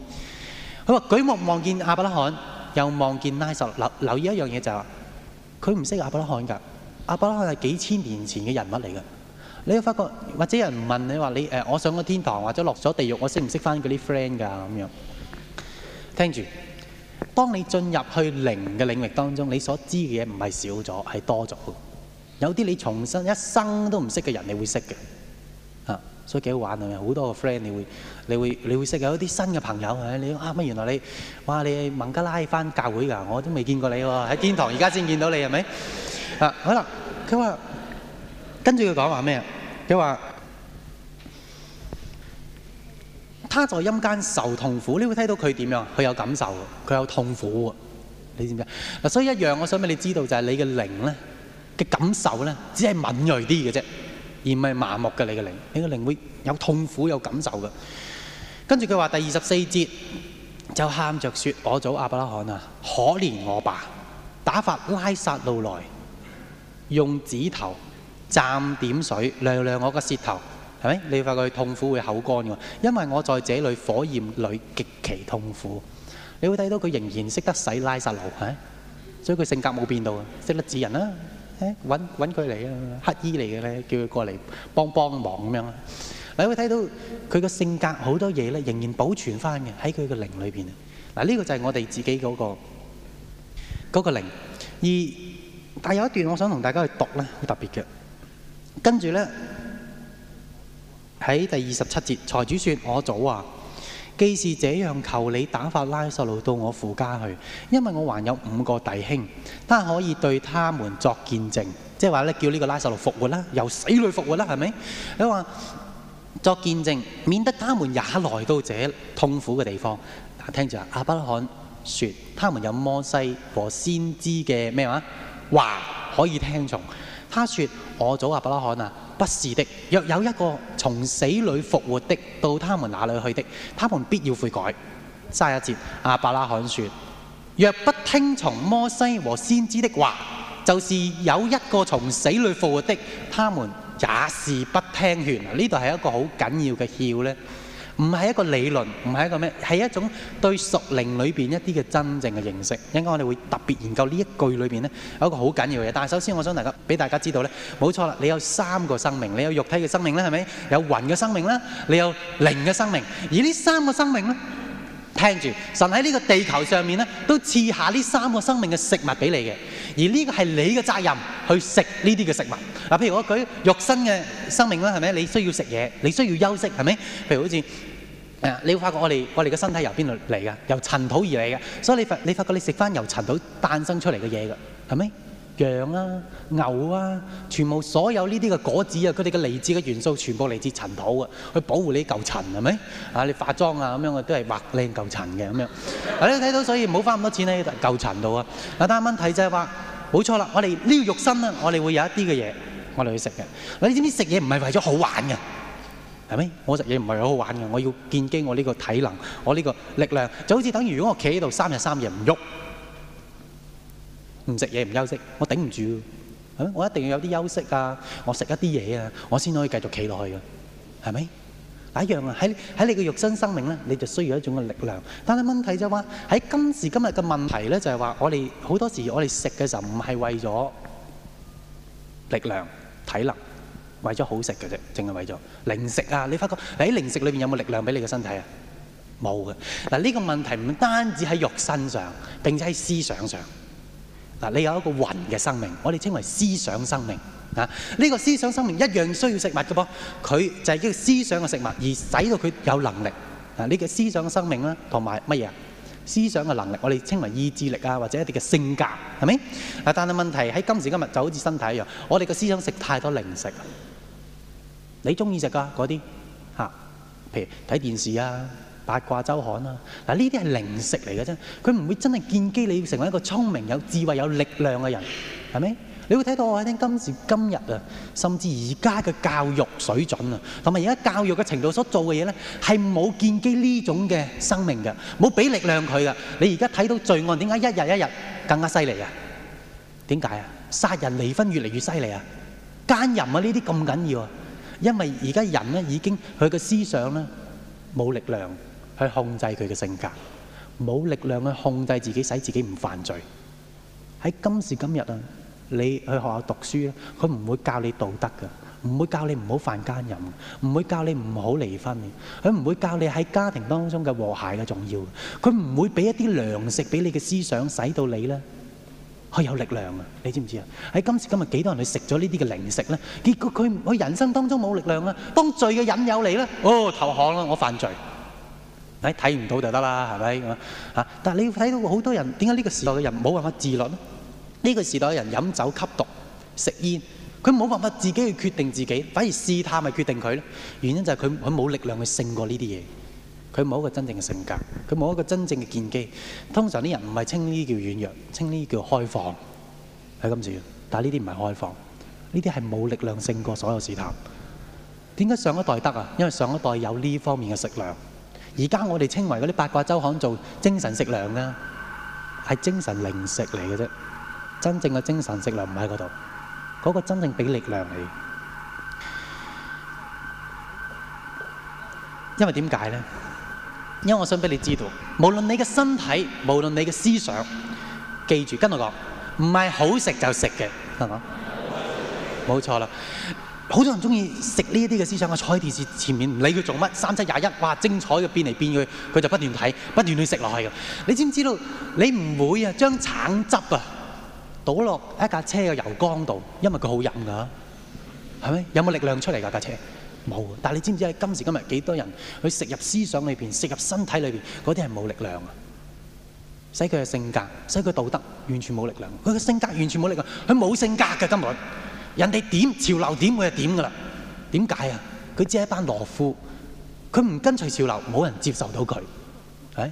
佢話舉目望見亞伯拉罕，又望見拉索。留留意一樣嘢就係話，佢唔識亞伯拉罕㗎，亞伯拉罕係幾千年前嘅人物嚟㗎。你發覺或者有人問你話你誒、呃，我上咗天堂或者落咗地獄，我識唔識返嗰啲 friend 㗎咁樣？聽住。當你進入去靈嘅領域當中，你所知嘅嘢唔係少咗，係多咗。有啲你重新一生都唔識嘅人，你會識嘅。啊，所以幾好玩啊！好多個 friend 你會，你會，你會識有一啲新嘅朋友係你啊！乜原來你哇你孟加拉翻教會㗎，我都未見過你喎，喺天堂而家先見到你係咪？啊好啦，佢話跟住佢講話咩？佢話。他在陰間受痛苦，你會睇到佢點樣？佢有感受，佢有痛苦，你知唔知？嗱，所以一樣，我想俾你知道就係你嘅靈咧嘅感受咧，只係敏銳啲嘅啫，而唔係麻木嘅你嘅靈，你嘅靈會有痛苦有感受嘅。跟住佢話第二十四節就喊着說，我祖亞伯拉罕啊，可憐我吧，打發拉撒路來用指頭蘸點水，涼涼我個舌頭。係咪？你發覺佢痛苦會口乾㗎喎，因為我在這裏火焰裏極其痛苦。你會睇到佢仍然識得洗拉撒路，係，所以佢性格冇變到啊，識得指人啦，誒，揾揾佢嚟啊，乞兒嚟嘅咧，叫佢過嚟幫幫忙咁樣啊。嗱，你會睇到佢個性格好多嘢咧，仍然保存翻嘅喺佢個靈裏邊啊。嗱，呢個就係我哋自己嗰個嗰個靈。而但係有一段我想同大家去讀咧，好特別嘅，跟住咧。喺第二十七節，財主説：我祖啊，既是這樣，求你打發拉撒路到我父家去，因為我還有五個弟兄，他可以對他們作見證。即係話咧，叫呢個拉撒路復活啦，由死裏復活啦，係咪？佢話作見證，免得他們也來到這痛苦嘅地方。聽住啊，亞伯拉罕説：他們有摩西和先知嘅咩話，話可以聽從。他説：我祖阿亞伯拉罕啊！不是的，若有一個從死裡復活的到他們那裏去的，他們必要悔改。三一節，亞伯拉罕說：若不聽從摩西和先知的話，就是有一個從死裡復活的，他們也是不聽勸。呢度係一個好緊要嘅竅呢。唔係一個理論，唔係一個咩，係一種對屬靈裏邊一啲嘅真正嘅認識。應該我哋會特別研究呢一句裏邊咧有一個好緊要嘅嘢。但係首先我想大家俾大家知道咧，冇錯啦，你有三個生命，你有肉體嘅生命咧，係咪？有魂嘅生命啦，你有靈嘅生命，而呢三個生命咧。聽住，神喺呢個地球上面咧，都賜下呢三個生命嘅食物俾你嘅，而呢個係你嘅責任去食呢啲嘅食物。嗱，譬如我舉肉身嘅生命啦，係咪？你需要食嘢，你需要休息，係咪？譬如好似，誒，你會發覺我哋我哋嘅身體由邊度嚟噶由塵土而嚟嘅，所以你發你發覺你食翻由塵土誕生出嚟嘅嘢噶，係咪？羊啊、牛啊，全部所有呢啲嘅果子啊，佢哋嘅離子嘅元素全部嚟自塵土啊，去保護呢嚿塵，係咪？啊，你化妝啊咁樣都係畫靚嚿塵嘅咁樣。嗱 (laughs) 你睇到，所以唔好花咁多錢喺嚿塵度啊。嗱、就係，啱啱睇即係話冇錯啦，我哋呢個肉身啊，我哋會有一啲嘅嘢，我哋去食嘅。你知唔知食嘢唔係為咗好玩嘅，係咪？我食嘢唔係為好玩嘅，我要建基我呢個體能，我呢個力量，就好似等於如果我企喺度三日三夜唔喐。唔食嘢唔休息，我頂唔住。我一定要有啲休息啊！我食一啲嘢啊，我先可以繼續企落去嘅，係咪？一樣啊，喺喺你嘅肉身生命咧，你就需要一種嘅力量。但係問題就係話喺今時今日嘅問題咧，就係話我哋好多時我哋食嘅時候唔係為咗力量體能，為咗好食嘅啫，淨係為咗零食啊！你發覺你喺零食裏邊有冇力量俾你嘅身體啊？冇嘅。嗱，呢個問題唔單止喺肉身上，並且喺思想上。你有一個魂嘅生命，我哋稱為思想生命啊！呢個思想生命一樣需要食物嘅噃，佢就係叫思想嘅食物，而使到佢有能力啊！呢個思想嘅生命啦，同埋乜嘢啊？思想嘅能力，我哋稱為意志力啊，或者一啲嘅性格，係咪啊？但係問題喺今時今日就好似身體一樣，我哋嘅思想食太多零食，你中意食㗎嗰啲嚇，譬如睇電視啊。八卦周刊啊！嗱，呢啲係零食嚟嘅啫，佢唔會真係建基你要成為一個聰明、有智慧、有力量嘅人，係咪？你會睇到我喺今時今日啊，甚至而家嘅教育水準啊，同埋而家教育嘅程度所做嘅嘢咧，係冇建基呢種嘅生命嘅，冇俾力量佢嘅。你而家睇到罪案點解一日一日更加犀利啊？點解啊？殺人、離婚越嚟越犀利啊！奸淫啊呢啲咁緊要啊！因為而家人咧已經佢嘅思想咧冇力量。去控制佢嘅性格，冇力量去控制自己，使自己唔犯罪。喺今時今日啊，你去學校讀書咧，佢唔會教你道德嘅，唔會教你唔好犯奸淫，唔會教你唔好離婚嘅，佢唔會教你喺家庭當中嘅和諧嘅重要。佢唔會俾一啲糧食俾你嘅思想，使到你咧，佢有力量啊！你知唔知啊？喺今時今日幾多人去食咗呢啲嘅零食咧？結果佢佢人生當中冇力量啦，當罪嘅引誘嚟咧，哦，投降啦！我犯罪。睇唔到就得啦，係咪咁啊？嚇！但係你要睇到好多人點解呢個時代嘅人冇辦法自律咧？呢個時代嘅人飲酒、吸毒、食煙，佢冇辦法自己去決定自己，反而試探係決定佢咧？原因就係佢佢冇力量去勝過呢啲嘢，佢冇一個真正嘅性格，佢冇一個真正嘅見機。通常啲人唔係稱呢叫軟弱，稱呢叫開放係咁少，但係呢啲唔係開放，呢啲係冇力量勝過所有試探。點解上一代得啊？因為上一代有呢方面嘅食量。而家我哋稱為嗰啲八卦週刊做精神食糧啊，係精神零食嚟嘅啫。真正嘅精神食糧唔喺嗰度，嗰個真正俾力量你。因為點解咧？因為我想俾你知道，無論你嘅身體，無論你嘅思想，記住跟我講，唔係好食就食嘅，係咪？冇錯啦。好多人中意食呢啲嘅思想，我坐喺電視前面唔理佢做乜，三七廿一，哇，精彩嘅變嚟變去，佢就不斷睇，不斷去食落去嘅。你知唔知道？你唔會啊，將橙汁啊倒落一架車嘅油缸度，因為佢好飲噶，係咪？有冇力量出嚟㗎架車？冇。但係你知唔知喺今時今日幾多人去食入思想裏邊、食入身體裏邊嗰啲係冇力量啊？使佢嘅性格、使佢道德完全冇力量。佢嘅性格完全冇力量，佢冇性格嘅根本。人哋點潮流點，佢就點噶啦。點解啊？佢只係一班懦夫，佢唔跟隨潮流，冇人接受到佢。係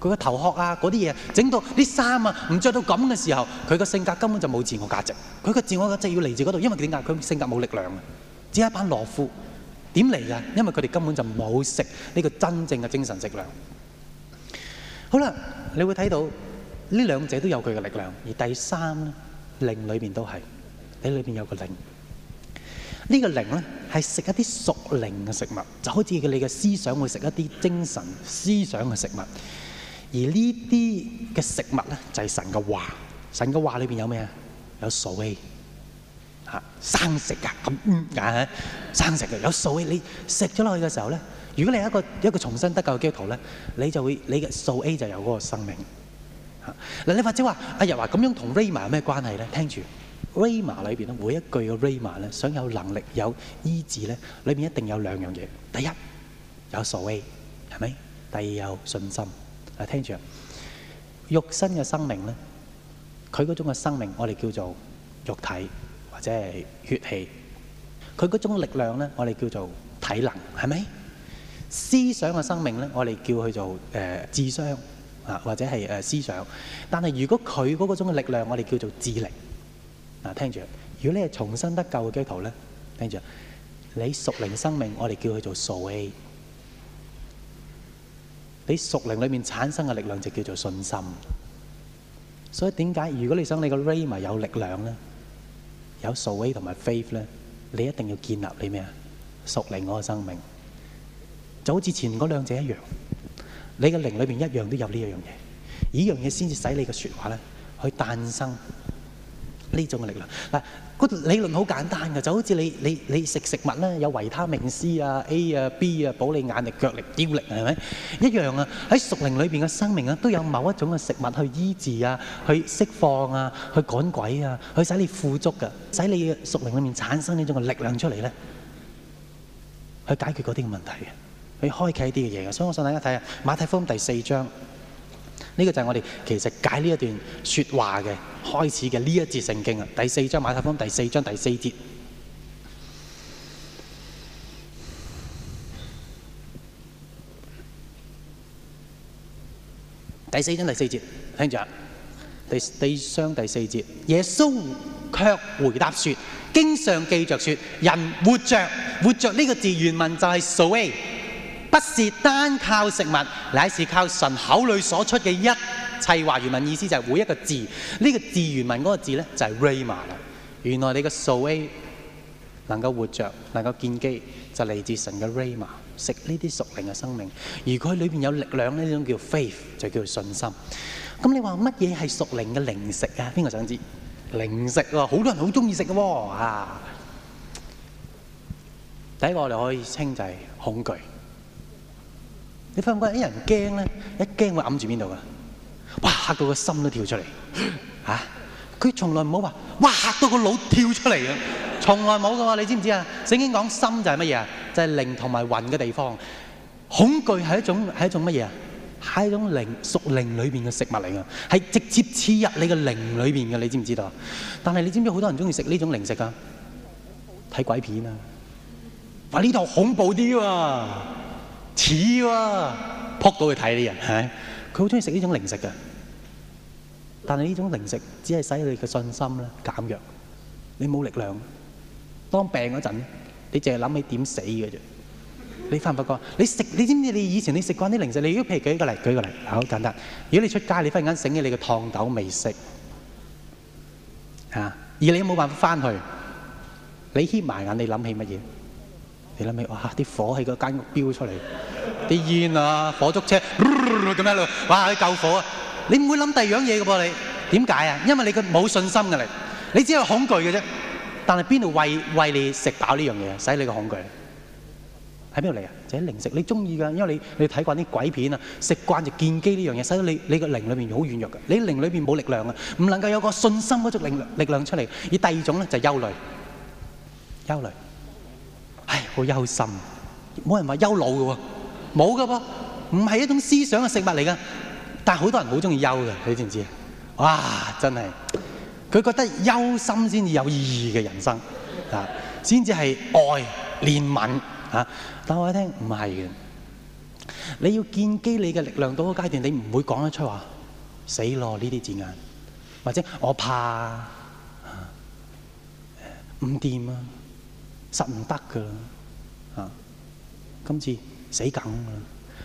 佢個頭殼啊，嗰啲嘢整到啲衫啊，唔著到咁嘅時候，佢個性格根本就冇自我價值。佢個自我價值要嚟自嗰度，因為點解？佢性格冇力量啊。只係一班懦夫，點嚟噶？因為佢哋根本就冇食呢個真正嘅精神食糧。好啦，你會睇到呢兩者都有佢嘅力量，而第三呢，令裏面都係。喺裏邊有一個靈，這個、靈，呢個靈咧係食一啲屬靈嘅食物，就好似你嘅思想會食一啲精神思想嘅食物，而呢啲嘅食物咧就係、是、神嘅話，神嘅話裏邊有咩啊？有數 A 吓、嗯啊，生食噶咁，嗯生食嘅有數 A，你食咗落去嘅時候咧，如果你有一個一個重新得救嘅基督徒咧，你就會你嘅數 A 就有嗰個生命吓。嗱，你或者話阿日華咁樣同 Raymond 有咩關係咧？聽住。Rhema，每一句 Rhema，想有能力，有醫治，裏面一定有兩樣嘢:第一，有所謂，第二，有信心。嗱，聽住啊，肉身嘅生命，佢嗰種嘅生命，我哋叫做肉體，或者係血氣，佢嗰種力量，我哋叫做體能，係咪？思想嘅生命咧，我哋叫佢做，呃，智商啊，或者係，呃，思想，但係如果佢嗰種嘅力量，我哋叫做智力。嗱，聽住，如果你係重新得救嘅基督徒咧，聽住，你屬靈生命，我哋叫佢做素 A。你屬靈裏面產生嘅力量就叫做信心。所以點解如果你想你個 Ray 有力量咧，有素 A 同埋 faith 咧，你一定要建立你咩啊？屬靈我嘅生命，就好似前嗰兩者一樣，你嘅靈裏邊一樣都有呢樣嘢，呢樣嘢先至使你嘅説話咧去誕生。呢種嘅力量嗱，個理論好簡單㗎，就好似你你你食食物咧，有維他命 C 啊、A 啊、B 啊，保你眼力、腳力、腰力，係咪？一樣啊，喺屬靈裏邊嘅生命啊，都有某一種嘅食物去醫治啊、去釋放啊、去趕鬼啊、去使你富足嘅，使你屬靈裡面產生呢種嘅力量出嚟咧，去解決嗰啲嘅問題嘅，去開啟一啲嘅嘢嘅。所以我想大家睇下馬太福音第四章。呢個就係我哋其實解呢一段說話嘅開始嘅呢一節聖經啊，第四章，馬太福音第四章第四節。第四章第四節，聽住啊，第四章第四節，耶穌卻回答說：經上記著說，人活着，活着呢個字原文就係 survive。不是單靠食物，乃是靠神口裡所出嘅一切話。原文意思就係每一個字，呢、這個字原文嗰個字咧就係、是、Rayma 啦。原來你嘅數 A 能夠活着、能夠建基，就嚟自神嘅 Rayma。食呢啲屬靈嘅生命，如果裏邊有力量呢種叫做 faith，就叫做信心。咁你話乜嘢係屬靈嘅零食啊？邊個想知？零食喎、啊，好多人好中意食嘅喎啊！第一個我哋可以稱就係恐懼。你覺唔覺？啲人驚咧，一驚會揞住邊度噶？哇！嚇到個心都跳出嚟嚇！佢、啊、從來唔好話，哇！嚇到個腦跳出嚟啊！從來冇噶喎，你知唔知啊？醒起講心就係乜嘢啊？就係、是、靈同埋魂嘅地方。恐懼係一種係一種乜嘢啊？係一種靈屬靈裏邊嘅食物嚟噶，係直接刺入你嘅靈裏邊嘅。你知唔知道？但係你知唔知好多人中意食呢種零食噶？睇鬼片啊！哇！呢度恐怖啲喎、啊、～似喎，撲到去睇啲人，係咪？佢好中意食呢種零食嘅，但係呢種零食只係使你嘅信心咧減弱，你冇力量。當病嗰陣，你淨係諗起點死嘅啫。你發唔發覺？你食，你知唔知？你以前你食慣啲零食，你如果譬如舉一個例，舉一個例，好簡單。如果你出街，你忽然間醒起你嘅燙豆未食，嚇，而你都冇辦法翻去，你黐埋眼，你諗起乜嘢？你諗下，哇！啲火喺嗰間屋飚出嚟，啲煙啊，火燭車咁樣喺度，哇！救火啊！你唔會諗第二樣嘢㗎噃你？點解啊？因為你個冇信心㗎你，你只有恐懼嘅啫。但係邊度喂，喂你食飽呢樣嘢，使你個恐懼？喺邊度嚟啊？就喺零食。你中意㗎，因為你你睇慣啲鬼片啊，食慣就見機呢樣嘢，使到你你個靈裏面好軟弱㗎。你靈裏面冇力量啊，唔能夠有個信心嗰種靈力量出嚟。而第二種咧就係憂慮，憂慮。唉，好憂心，冇人話憂老嘅喎，冇㗎噃，唔係一種思想嘅食物嚟㗎。但係好多人好中意憂嘅，你知唔知啊？哇，真係，佢覺得憂心先至有意義嘅人生啊，先至係愛、憐憫啊。但我話你聽，唔係嘅。你要建基你嘅力量到嗰階段，你唔會講得出話死咯呢啲字眼，或者我怕啊，唔掂啊。實唔得噶啦，啊！今次死梗啦！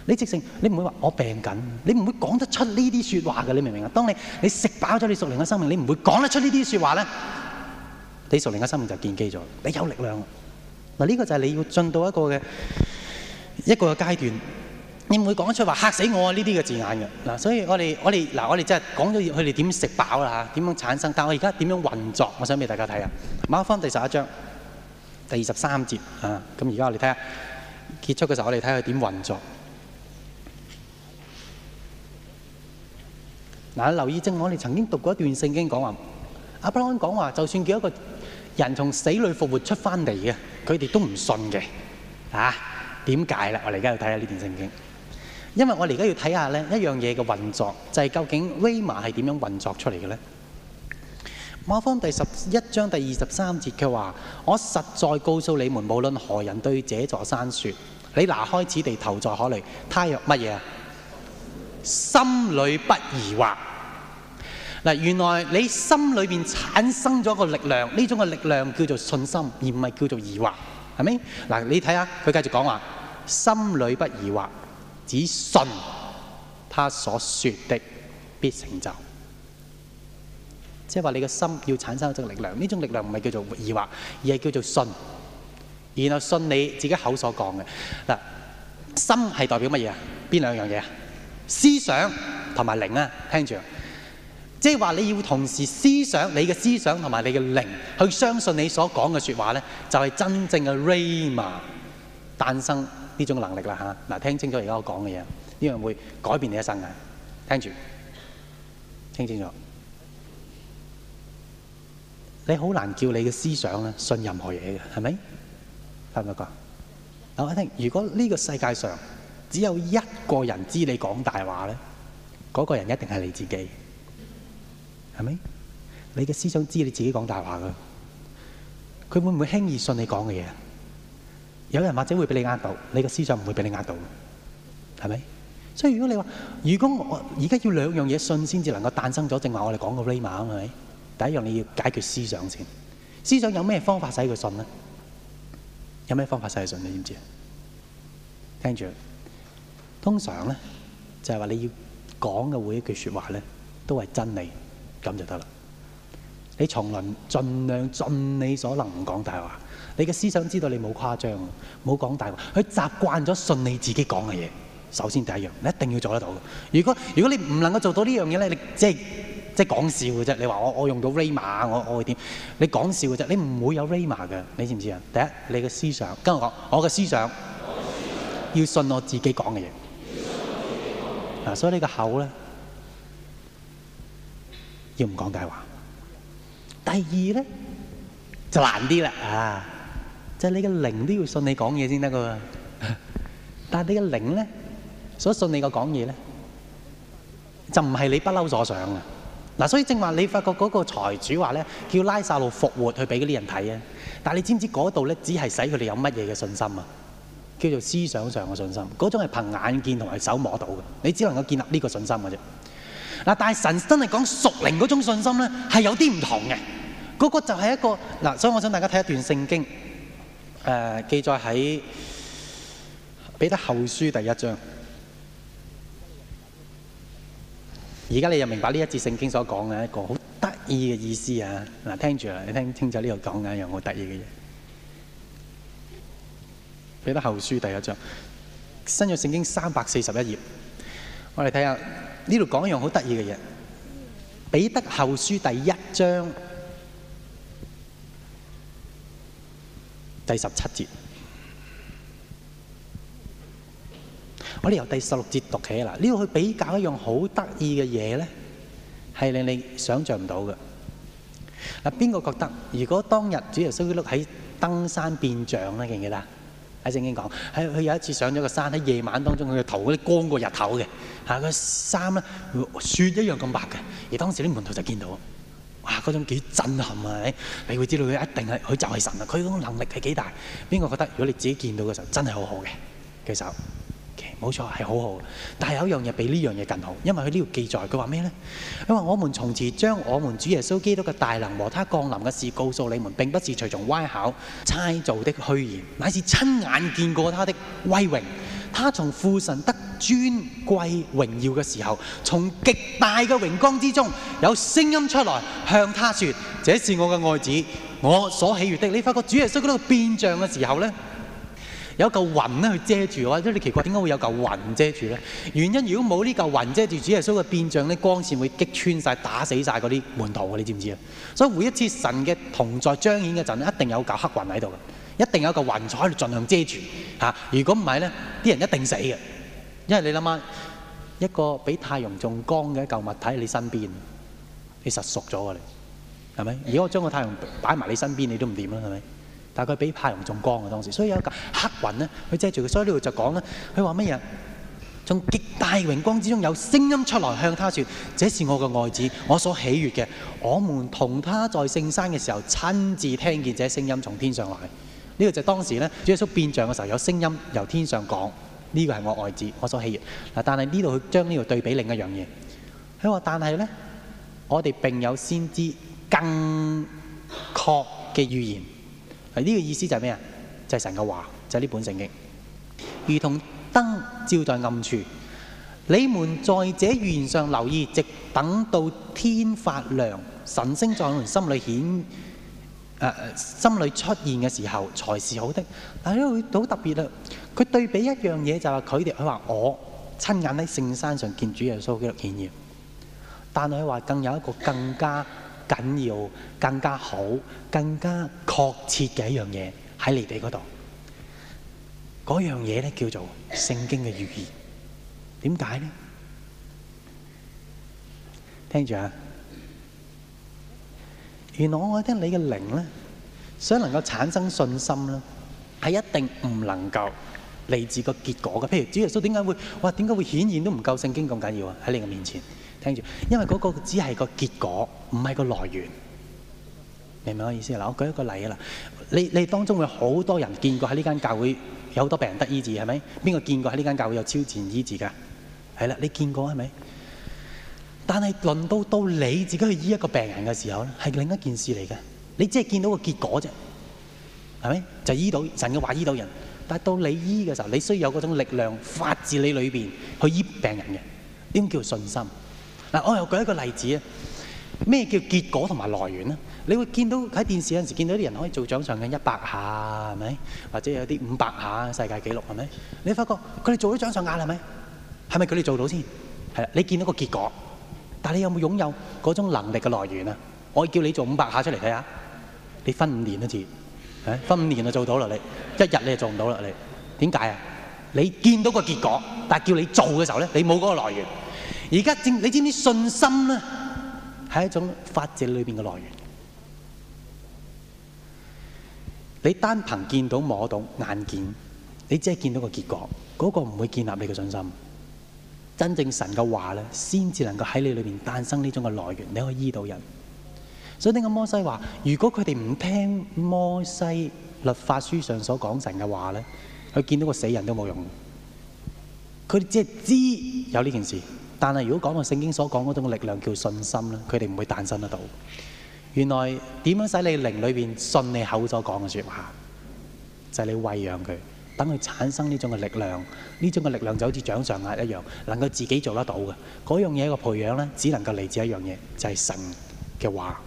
你直情你唔會話我病緊，你唔會講得出呢啲說話噶，你明唔明啊？當你你食飽咗你屬靈嘅生命，你唔會講得出呢啲說話咧，你屬靈嘅生命就建基咗，你有力量。嗱，呢個就係你要進到一個嘅一個嘅階段，你唔會講得出話嚇死我啊呢啲嘅字眼嘅嗱。所以我哋我哋，嗱，我哋真係講咗佢哋點食飽啦吓，點樣產生？但係我而家點樣運作？我想俾大家睇啊，《馬方》第十一章。第二十三節啊，咁而家我哋睇下結束嘅時候，我哋睇下點運作。嗱、啊，留意正我哋曾經讀過一段聖經講話，亞伯拉罕講話，就算叫一個人從死裡復活出翻嚟嘅，佢哋都唔信嘅。嚇、啊？點解咧？我哋而家要睇下呢段聖經，因為我哋而家要睇下咧一樣嘢嘅運作，就係、是、究竟 Weimar 係點樣運作出嚟嘅咧？馬可第十一章第二十三節佢話：我實在告訴你們，無論何人對這座山說：你拿開此地投在可嚟，他若乜嘢？心裏不疑惑。嗱，原來你心裏面產生咗個力量，呢種嘅力量叫做信心，而唔係叫做疑惑，係咪？嗱，你睇下佢繼續講話：心裏不疑惑，只信他所說的必成就。即係話你個心要產生一種力量，呢種力量唔係叫做疑惑，而係叫做信。然後信你自己口所講嘅。嗱，心係代表乜嘢啊？邊兩樣嘢啊？思想同埋靈啊，聽住。即係話你要同時思想你嘅思想同埋你嘅靈去相信你所講嘅説話咧，就係、是、真正嘅 Rayma 誕生呢種能力啦嚇。嗱，聽清楚而家我講嘅嘢，呢樣會改變你一生嘅。聽住，聽清楚。你好難叫你嘅思想咧信任何嘢嘅，係咪？聽唔得講？等我聽。如果呢個世界上只有一個人知你講大話咧，嗰、那個人一定係你自己，係咪？你嘅思想知你自己講大話嘅，佢會唔會輕易信你講嘅嘢？有人或者會俾你呃到，你嘅思想唔會俾你呃到，係咪？所以如果你話，如果我而家要兩樣嘢信先至能夠誕生咗，正話我哋講嘅 rhema，係咪？第一樣你要解決思想先，思想有咩方法使佢信呢？有咩方法使佢信？你知唔知啊？聽住，通常咧就係話你要講嘅每一句説話咧，都係真理，咁就得啦。你從來盡量盡你所能唔講大話，你嘅思想知道你冇誇張，冇講大話。佢習慣咗信你自己講嘅嘢，首先第一樣你一定要做得到。如果如果你唔能夠做到呢樣嘢咧，你即即係講笑嘅啫，你話我我用咗 Rhema 我我會點？你講笑嘅啫，你唔會有 Rhema 嘅，你知唔知啊？第一，你嘅思想，跟我講，我嘅思想要信我自己講嘅嘢。嗱、啊，所以你個口咧要唔講大話。第二咧就難啲啦，啊，就係、是、你嘅靈都要信你講嘢先得噶。但係你嘅靈咧所信你嘅講嘢咧就唔係你不嬲所想嘅。嗱、啊，所以正話，你發覺嗰個財主話咧，叫拉撒路復活去俾嗰啲人睇啊！但係你知唔知嗰度咧，只係使佢哋有乜嘢嘅信心啊？叫做思想上嘅信心。嗰種係憑眼見同埋手摸到嘅，你只能夠建立呢個信心嘅啫。嗱、啊，但係神真係講屬靈嗰種信心咧，係有啲唔同嘅。嗰、那個就係一個嗱、啊，所以我想大家睇一段聖經，誒、呃，記載喺彼得後書第一章。而家你又明白呢一節聖經所講嘅一個好得意嘅意思啊！嗱，聽住啦，你聽清楚呢度講嘅一樣好得意嘅嘢。彼得後書第一章，新約聖經三百四十一頁，我哋睇下呢度講一樣好得意嘅嘢。彼得後書第一章第十七節。我哋由第十六節讀起啦。呢、這個去比較一樣好得意嘅嘢咧，係令你想象唔到嘅。嗱，邊個覺得？如果當日主耶穌基督喺登山變像咧，記唔記得？阿聖經講，喺佢有一次上咗個山，喺夜晚當中，佢嘅頭嗰啲光過日頭嘅，嚇個衫咧雪一樣咁白嘅。而當時啲門徒就見到，哇！嗰種幾震撼啊！你會知道佢一定係佢就係神啊！佢嗰種能力係幾大？邊個覺得？如果你自己見到嘅時候，真係好好嘅。繼續。冇錯，係好好。但係有一樣嘢比呢樣嘢更好，因為佢呢度記載，佢話咩呢？因為我們從前將我們主耶穌基督嘅大能和他降臨嘅事告訴你們，並不是隨從歪巧猜造的虛言，乃是親眼見過他的威榮。他從父神得尊貴榮耀嘅時候，從極大嘅榮光之中，有聲音出來向他説：「這是我嘅愛子，我所喜悦的。你發覺主耶穌嗰度變像嘅時候呢？有嚿雲咧，去遮住我，啲你奇怪點解會有嚿雲遮住咧？原因如果冇呢嚿雲遮住，只係所謂變象咧，光線會擊穿晒，打死晒嗰啲門徒嘅，你知唔知啊？所以每一次神嘅同在彰顯嘅陣，一定有嚿黑雲喺度嘅，一定有嚿雲彩喺度盡量遮住嚇、啊。如果唔係咧，啲人一定死嘅，因為你諗下一個比太陽仲光嘅一嚿物體喺你身邊，你實熟咗㗎你，係咪？如果我將個太陽擺埋你身邊，你都唔掂啦，係咪？但佢比太陽仲光啊！當時，所以有一個黑雲咧去遮住佢。所以這裡說呢度就講咧，佢話乜嘢？從極大榮光之中有聲音出來，向他說，這是我的愛子，我所喜悅嘅。我們同他在聖山嘅時候，親自聽見這聲音從天上來。呢、這個就是當時咧，耶穌變像嘅時候有聲音由天上講：呢、這個係我愛子，我所喜悅。但係呢度佢將呢度對比另一樣嘢。佢話：但係呢，我哋並有先知更確嘅預言。係、這、呢個意思就係咩啊？就係神嘅話，就係、是、呢本聖經，如同燈照在暗處。你們在這緣上留意，直等到天發亮，晨星在我們心裏顯，誒、呃、心裏出現嘅時候，才是好的。但係呢個好特別啦。佢對比一樣嘢就係佢哋，佢話我親眼喺聖山上見主耶穌基督顯現，但佢話更有一個更加緊要更加好、更加確切嘅一樣嘢喺你哋嗰度。嗰樣嘢咧叫做聖經嘅預言。點解咧？聽住啊！原來我聽你嘅靈咧，想能夠產生信心咧，係一定唔能夠嚟自個結果嘅。譬如主耶穌點解會哇？點解會顯現都唔夠聖經咁緊要啊！喺你嘅面前。聽住，因為嗰個只係個結果，唔係個來源，明唔明我意思？嗱，我舉一個例啦。你你當中會好多人見過喺呢間教會有好多病人得醫治，係咪？邊個見過喺呢間教會有超前醫治㗎？係啦，你見過係咪？但係輪到到你自己去醫一個病人嘅時候咧，係另一件事嚟嘅。你只係見到個結果啫，係咪？就醫到神嘅話醫到人，但到你醫嘅時候，你需要有嗰種力量發自你裏邊去醫病人嘅，呢種叫信心。嗱，我又舉一個例子啊。咩叫結果同埋來源？你會見到喺電視有陣時見到啲人可以做掌上壓一百下，係咪？或者有啲五百下世界紀錄，係咪？你發覺佢哋做咗掌上壓，係咪？係咪佢哋做到先？係啦，你見到個結果，但係你有冇擁有嗰種能力嘅來源啊？我叫你做五百下出嚟睇下，你分五年一次，分五年就做到啦，你一日你就做唔到啦，你點解啊？你見到個結果，但係叫你做嘅時候咧，你冇嗰個來源。而家正你知唔知信心咧，係一種發自裏邊嘅來源。你單憑見到摸到眼見，你只係見到個結果，嗰、嗰個唔會建立你嘅信心。真正神嘅話咧，先至能夠喺你裏邊誕生呢種嘅來源，你可以醫到人。所以呢個摩西話，如果佢哋唔聽摩西律法書上所講神嘅話咧，佢見到個死人都冇用。佢哋只係知有呢件事。但係如果講到聖經所講嗰種力量叫信心咧，佢哋唔會誕生得到。原來點樣使你靈裏邊信你口所講嘅説話，就係、是、你喂養佢，等佢產生呢種嘅力量。呢種嘅力量就好似掌上壓一樣，能夠自己做得到嘅。嗰樣嘢嘅培養咧，只能夠嚟自一樣嘢，就係、是、神嘅話。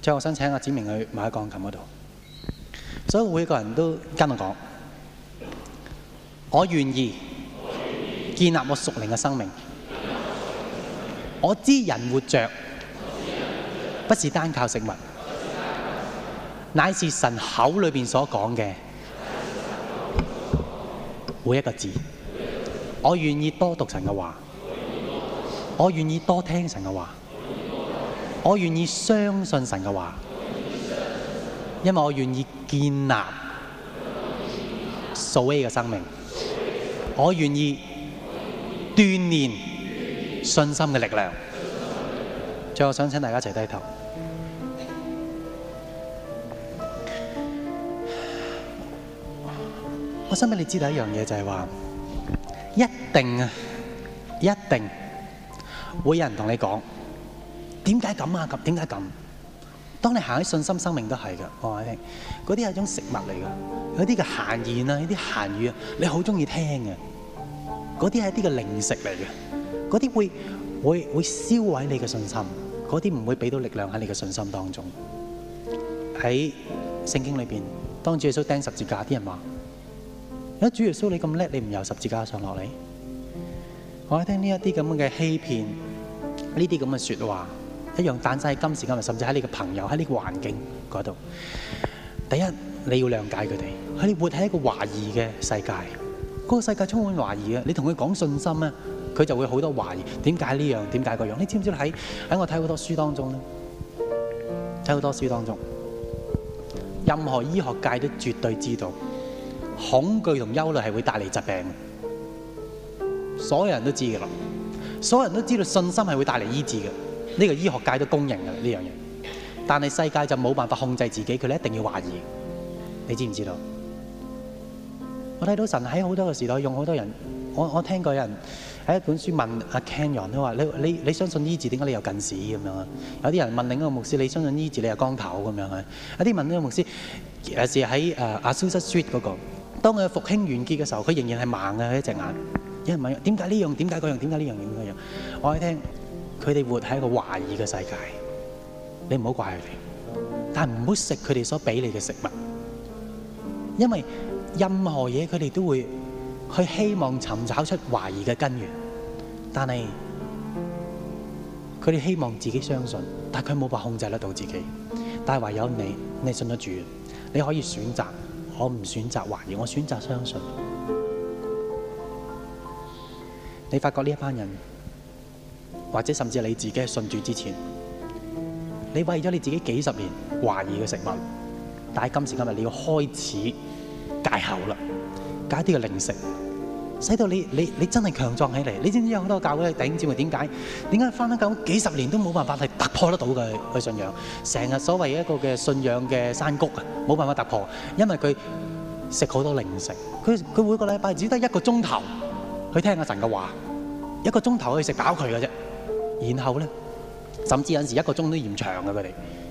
最後想請阿、啊、子明去買鋼琴嗰度，所以每個人都跟我講，我願意建立我屬靈嘅生命。我知人活着不是單靠食物，乃是神口裏面所講嘅每一個字。我願意多讀神嘅話，我願意多聽神嘅話，我願意相信神嘅話，因為我願意建立屬靈嘅生命。我願意鍛煉信心嘅力量。最後想請大家一齊低頭。我想俾你知道一樣嘢，就係話一定，一定會有人同你講點解咁啊？咁點解咁？當你行喺信心生命都係嘅，我話你聽。嗰啲係一種食物嚟嘅，有啲嘅閒言啊，呢啲閒語啊，你好中意聽嘅。嗰啲係一啲嘅零食嚟嘅，嗰啲會會會燒毀你嘅信心。嗰啲唔會俾到力量喺你嘅信心當中。喺聖經裏邊，當主耶穌釘十字架，啲人話，啊，如果主耶穌你咁叻，你唔由十字架上落嚟？我話你聽呢一啲咁嘅欺騙，呢啲咁嘅説話。一樣，但係喺今時今日，甚至喺你嘅朋友、喺呢個環境嗰度。第一，你要諒解佢哋，喺你活喺一個懷疑嘅世界，嗰、那個世界充滿懷疑嘅，你同佢講信心啊，佢就會好多懷疑。點解呢樣？點解嗰樣？你知唔知喺喺我睇好多書當中咧？睇好多書當中，任何醫學界都絕對知道，恐懼同憂慮係會帶嚟疾病嘅。所有人都知嘅啦，所有人都知道信心係會帶嚟醫治嘅。呢個醫學界都公認㗎呢樣嘢，但係世界就冇辦法控制自己，佢哋一定要懷疑。你知唔知道？我睇到神喺好多個時代用好多人，我我聽過有人喺一本書問阿 Canon，佢話你你你相信醫治點解你又近視咁樣啊？有啲人問另外牧師：你相信醫治你又光頭咁樣啊？有啲問另外牧師，有時喺誒阿 Susan Street 嗰個，當佢復興完結嘅時候，佢仍然係盲嘅一隻眼。有人問：點解呢樣？點解嗰樣？點解呢樣？點解嗰樣？我喺聽。佢哋活喺一個懷疑嘅世界，你唔好怪佢哋，但係唔好食佢哋所俾你嘅食物，因為任何嘢佢哋都會去希望尋找出懷疑嘅根源，但係佢哋希望自己相信，但佢冇辦法控制得到自己，但係唯有你，你信得住，你可以選擇，我唔選擇懷疑，我選擇相信。你發覺呢一班人？或者甚至你自己係信主之前，你為咗你自己幾十年懷疑嘅食物，但係今時今日你要開始戒口啦，戒啲嘅零食，使到你你你真係強壯起嚟。你知唔知有好多教會頂住點解？點解翻啲教會幾十年都冇辦法係突破得到嘅嘅信仰？成日所謂一個嘅信仰嘅山谷啊，冇辦法突破，因為佢食好多零食。佢佢每個禮拜只得一個鐘頭去聽阿神嘅話，一個鐘頭去食飽佢嘅啫。然後咧，甚至有陣時一個鐘都嫌長嘅佢哋，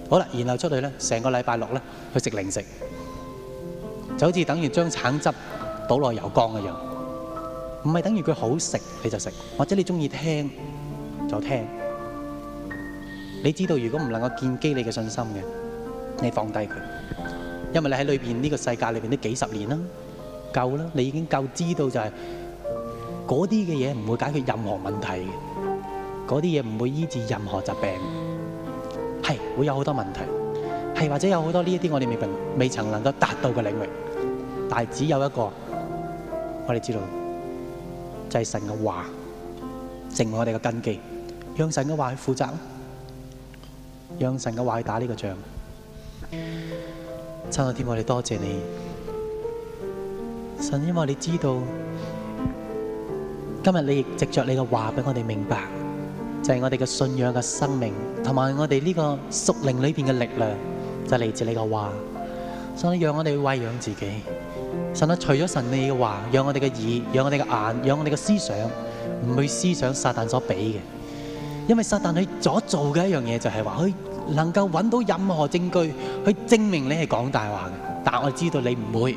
好啦，然後出去咧，成個禮拜六咧去食零食，就好似等於將橙汁倒落油缸一樣，唔係等於佢好食你就食，或者你中意聽就聽。你知道如果唔能夠建基你嘅信心嘅，你放低佢，因為你喺裏面呢個世界裏面都幾十年啦，夠啦，你已經夠知道就係嗰啲嘅嘢唔會解決任何問題嘅。嗰啲嘢唔會醫治任何疾病，係會有好多問題，係或者有好多呢一啲我哋未未曾能夠達到嘅領域，但係只有一個，我哋知道，就係神嘅話成為我哋嘅根基，讓神嘅話去負責，讓神嘅話去打呢個仗。親愛的天父，我哋多謝你，神，因為你知道今日你亦藉着你嘅話俾我哋明白。就係、是、我哋嘅信仰嘅生命，同埋我哋呢個屬靈裏邊嘅力量，就嚟自你嘅話。所以讓我哋餵養自己，神啊，除咗神你嘅話，讓我哋嘅耳，讓我哋嘅眼，讓我哋嘅思想，唔去思想撒旦所俾嘅。因為撒旦佢所做嘅一樣嘢就係話，佢能夠揾到任何證據去證明你係講大話嘅。但我知道你唔會，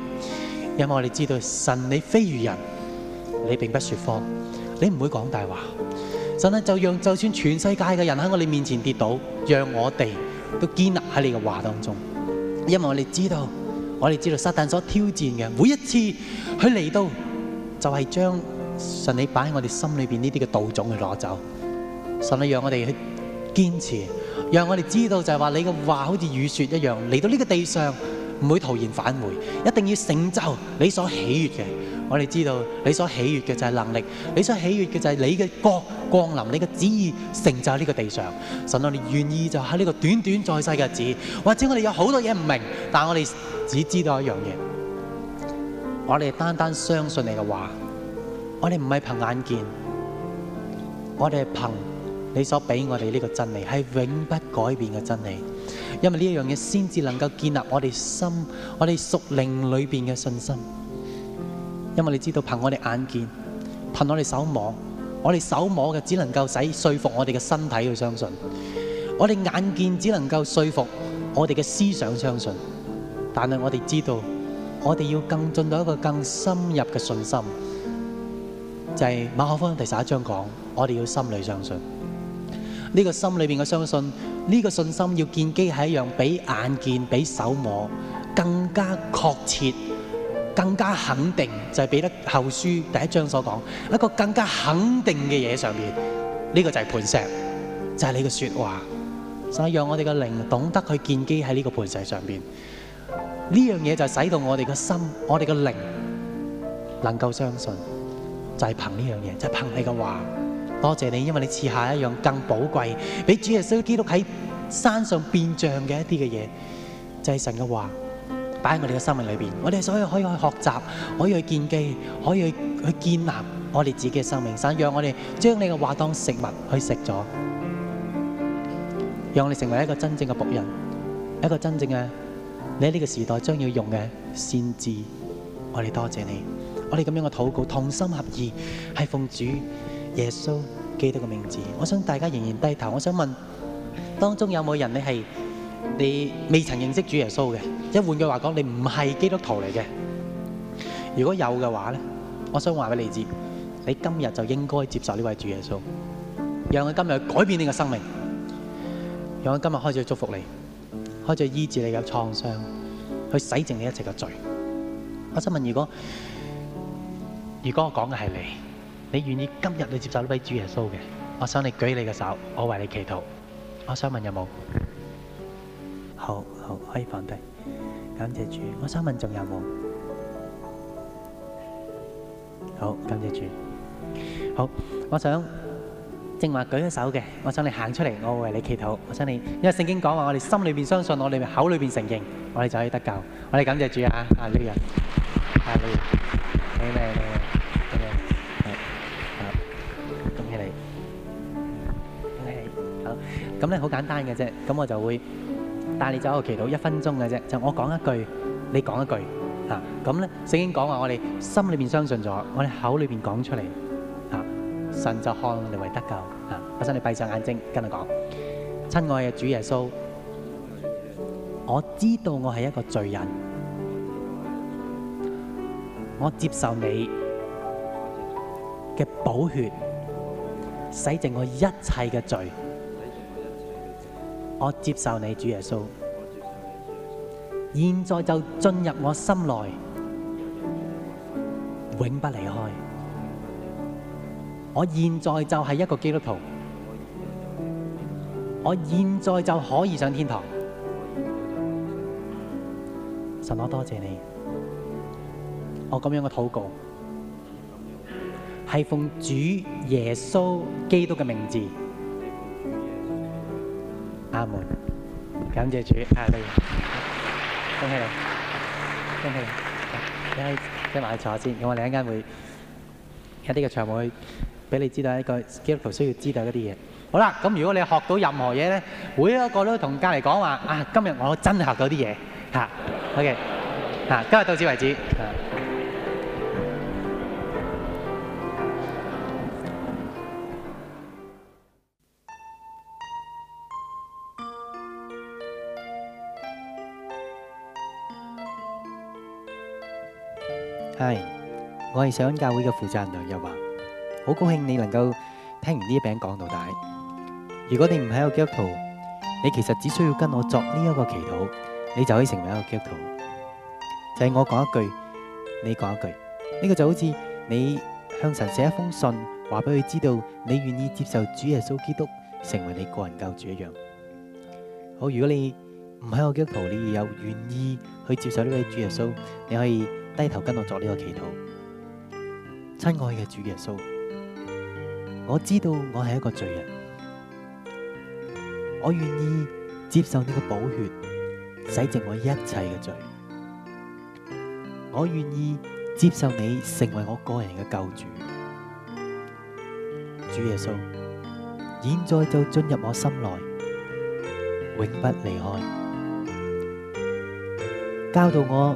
因為我哋知道神你非如人，你並不說，不說謊，你唔會講大話。神就讓就算全世界嘅人喺我哋面前跌倒，讓我哋都堅立喺你嘅話當中。因為我哋知道，我哋知道撒旦所挑戰嘅每一次來到，佢嚟到就係、是、將神你擺喺我哋心裏邊呢啲嘅道種去攞走。神啊，讓我哋去堅持，讓我哋知道就係話你嘅話好似雨雪一樣嚟到呢個地上，唔會徒然返回，一定要成就你所喜悅嘅。我哋知道，你所喜悅嘅就係能力，你所喜悅嘅就係你嘅國降臨，你嘅旨意成就喺呢個地上。神，我哋願意就喺呢個短短在世嘅日子，或者我哋有好多嘢唔明，但係我哋只知道一樣嘢，我哋單單相信你嘅話。我哋唔係憑眼見，我哋係憑你所俾我哋呢個真理，係永不改變嘅真理。因為呢一樣嘢先至能夠建立我哋心、我哋屬靈裏邊嘅信心。因為你知道，憑我哋眼見，憑我哋手摸，我哋手摸嘅只能夠使說服我哋嘅身體去相信；我哋眼見只能夠說服我哋嘅思想相信。但係我哋知道，我哋要更進到一個更深入嘅信心，就係馬可福音第十一章講，我哋要心裏相信。呢個心裏邊嘅相信，呢個信心要建基喺一樣比眼見、比手摸更加確切。更加肯定就係、是、彼得後書第一章所講一個更加肯定嘅嘢上面，呢、這個就係磐石，就係、是、你嘅說話，所以讓我哋嘅靈懂得去建基喺呢個磐石上邊。呢樣嘢就使到我哋嘅心，我哋嘅靈能夠相信，就係、是、憑呢樣嘢，就係、是、憑你嘅話。多謝你，因為你賜下一樣更寶貴，比主耶穌基督喺山上變像嘅一啲嘅嘢，就係、是、神嘅話。擺喺我哋嘅生命裏邊，我哋所以可以去學習，可以去建基，可以去去建立我哋自己嘅生命，神讓我哋將你嘅話當食物去食咗，讓我哋成為一個真正嘅僕人，一個真正嘅，你喺呢個時代將要用嘅先知，我哋多謝你，我哋咁樣嘅禱告同心合意係奉主耶穌基督嘅名字。我想大家仍然低頭，我想問當中有冇人你係？你未曾認識主耶穌嘅，一換句話講，你唔係基督徒嚟嘅。如果有嘅話咧，我想話俾你知，你今日就應該接受呢位主耶穌，讓佢今日改變你嘅生命，讓佢今日開始去祝福你，開始醫治你嘅創傷，去洗淨你一切嘅罪。我想問，如果如果我講嘅係你，你願意今日你接受呢位主耶穌嘅？我想你舉你嘅手，我為你祈禱。我想問有冇？好好，可以放低，感謝主。我想問仲有冇？好，感謝主。好，我想正話舉咗手嘅，我想你行出嚟，我會為你祈禱。我想你，因為聖經講話，我哋心裏邊相信，我哋口裏邊承認，我哋就可以得救。我哋感謝主啊！啊呢個人，啊呢，個人，恭喜你，恭喜。好，咁咧好簡單嘅啫，咁我就會。但你就喺度祈禱，一分鐘嘅啫。就我講一句，你講一句，啊咁咧，聖經講話我哋心裏邊相信咗，我哋口裏邊講出嚟，啊神就看你為得救。啊，我先你閉上眼睛，跟我講，親愛嘅主耶穌，我知道我係一個罪人，我接受你嘅寶血洗淨我一切嘅罪。我接受你，主耶穌，現在就進入我心內，永不離開。我現在就係一個基督徒，我現在就可以上天堂。神，我多謝你，我這樣嘅禱告係奉主耶穌基督嘅名字。阿門，感謝主，阿你，恭喜你，恭喜你，你喺即埋坐先，咁我哋一間會一啲嘅場合俾你知道一個基督徒需要知道一啲嘢。好啦，咁如果你學到任何嘢咧，每一個都同隔籬講話啊，今日我真係學到啲嘢嚇。OK，啊，今日到此為止。係，我係社安教會嘅負責人梁日華，好高興你能夠聽完呢一餅講道帶。如果你唔喺個基督徒，你其實只需要跟我作呢一個祈禱，你就可以成為一個基督徒。就係我講一句，你講一句，呢個就好似你向神寫一封信，話俾佢知道你願意接受主耶穌基督成為你個人救主一樣。好，如果你唔喺個基督徒，你有願意去接受呢位主耶穌，你可以。低頭跟我作呢個祈禱，親愛嘅主耶穌，我知道我係一個罪人，我願意接受你嘅寶血洗淨我一切嘅罪，我願意接受你成為我個人嘅救主，主耶穌，現在就進入我心內，永不離開，教導我。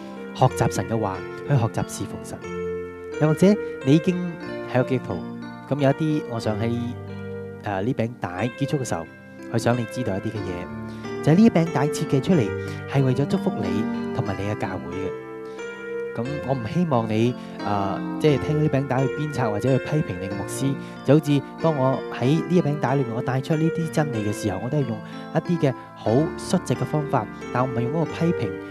學習神嘅話，去學習侍奉神。又或者你已經喺基督徒，咁有一啲，我想喺誒呢餅帶結束嘅時候，去想你知道一啲嘅嘢，就係呢餅帶設計出嚟係為咗祝福你同埋你嘅教會嘅。咁我唔希望你誒即係聽呢餅帶去鞭策或者去批評你嘅牧師，就好似當我喺呢餅帶裏面我帶出呢啲真理嘅時候，我都係用一啲嘅好率直嘅方法，但係我唔係用嗰個批評。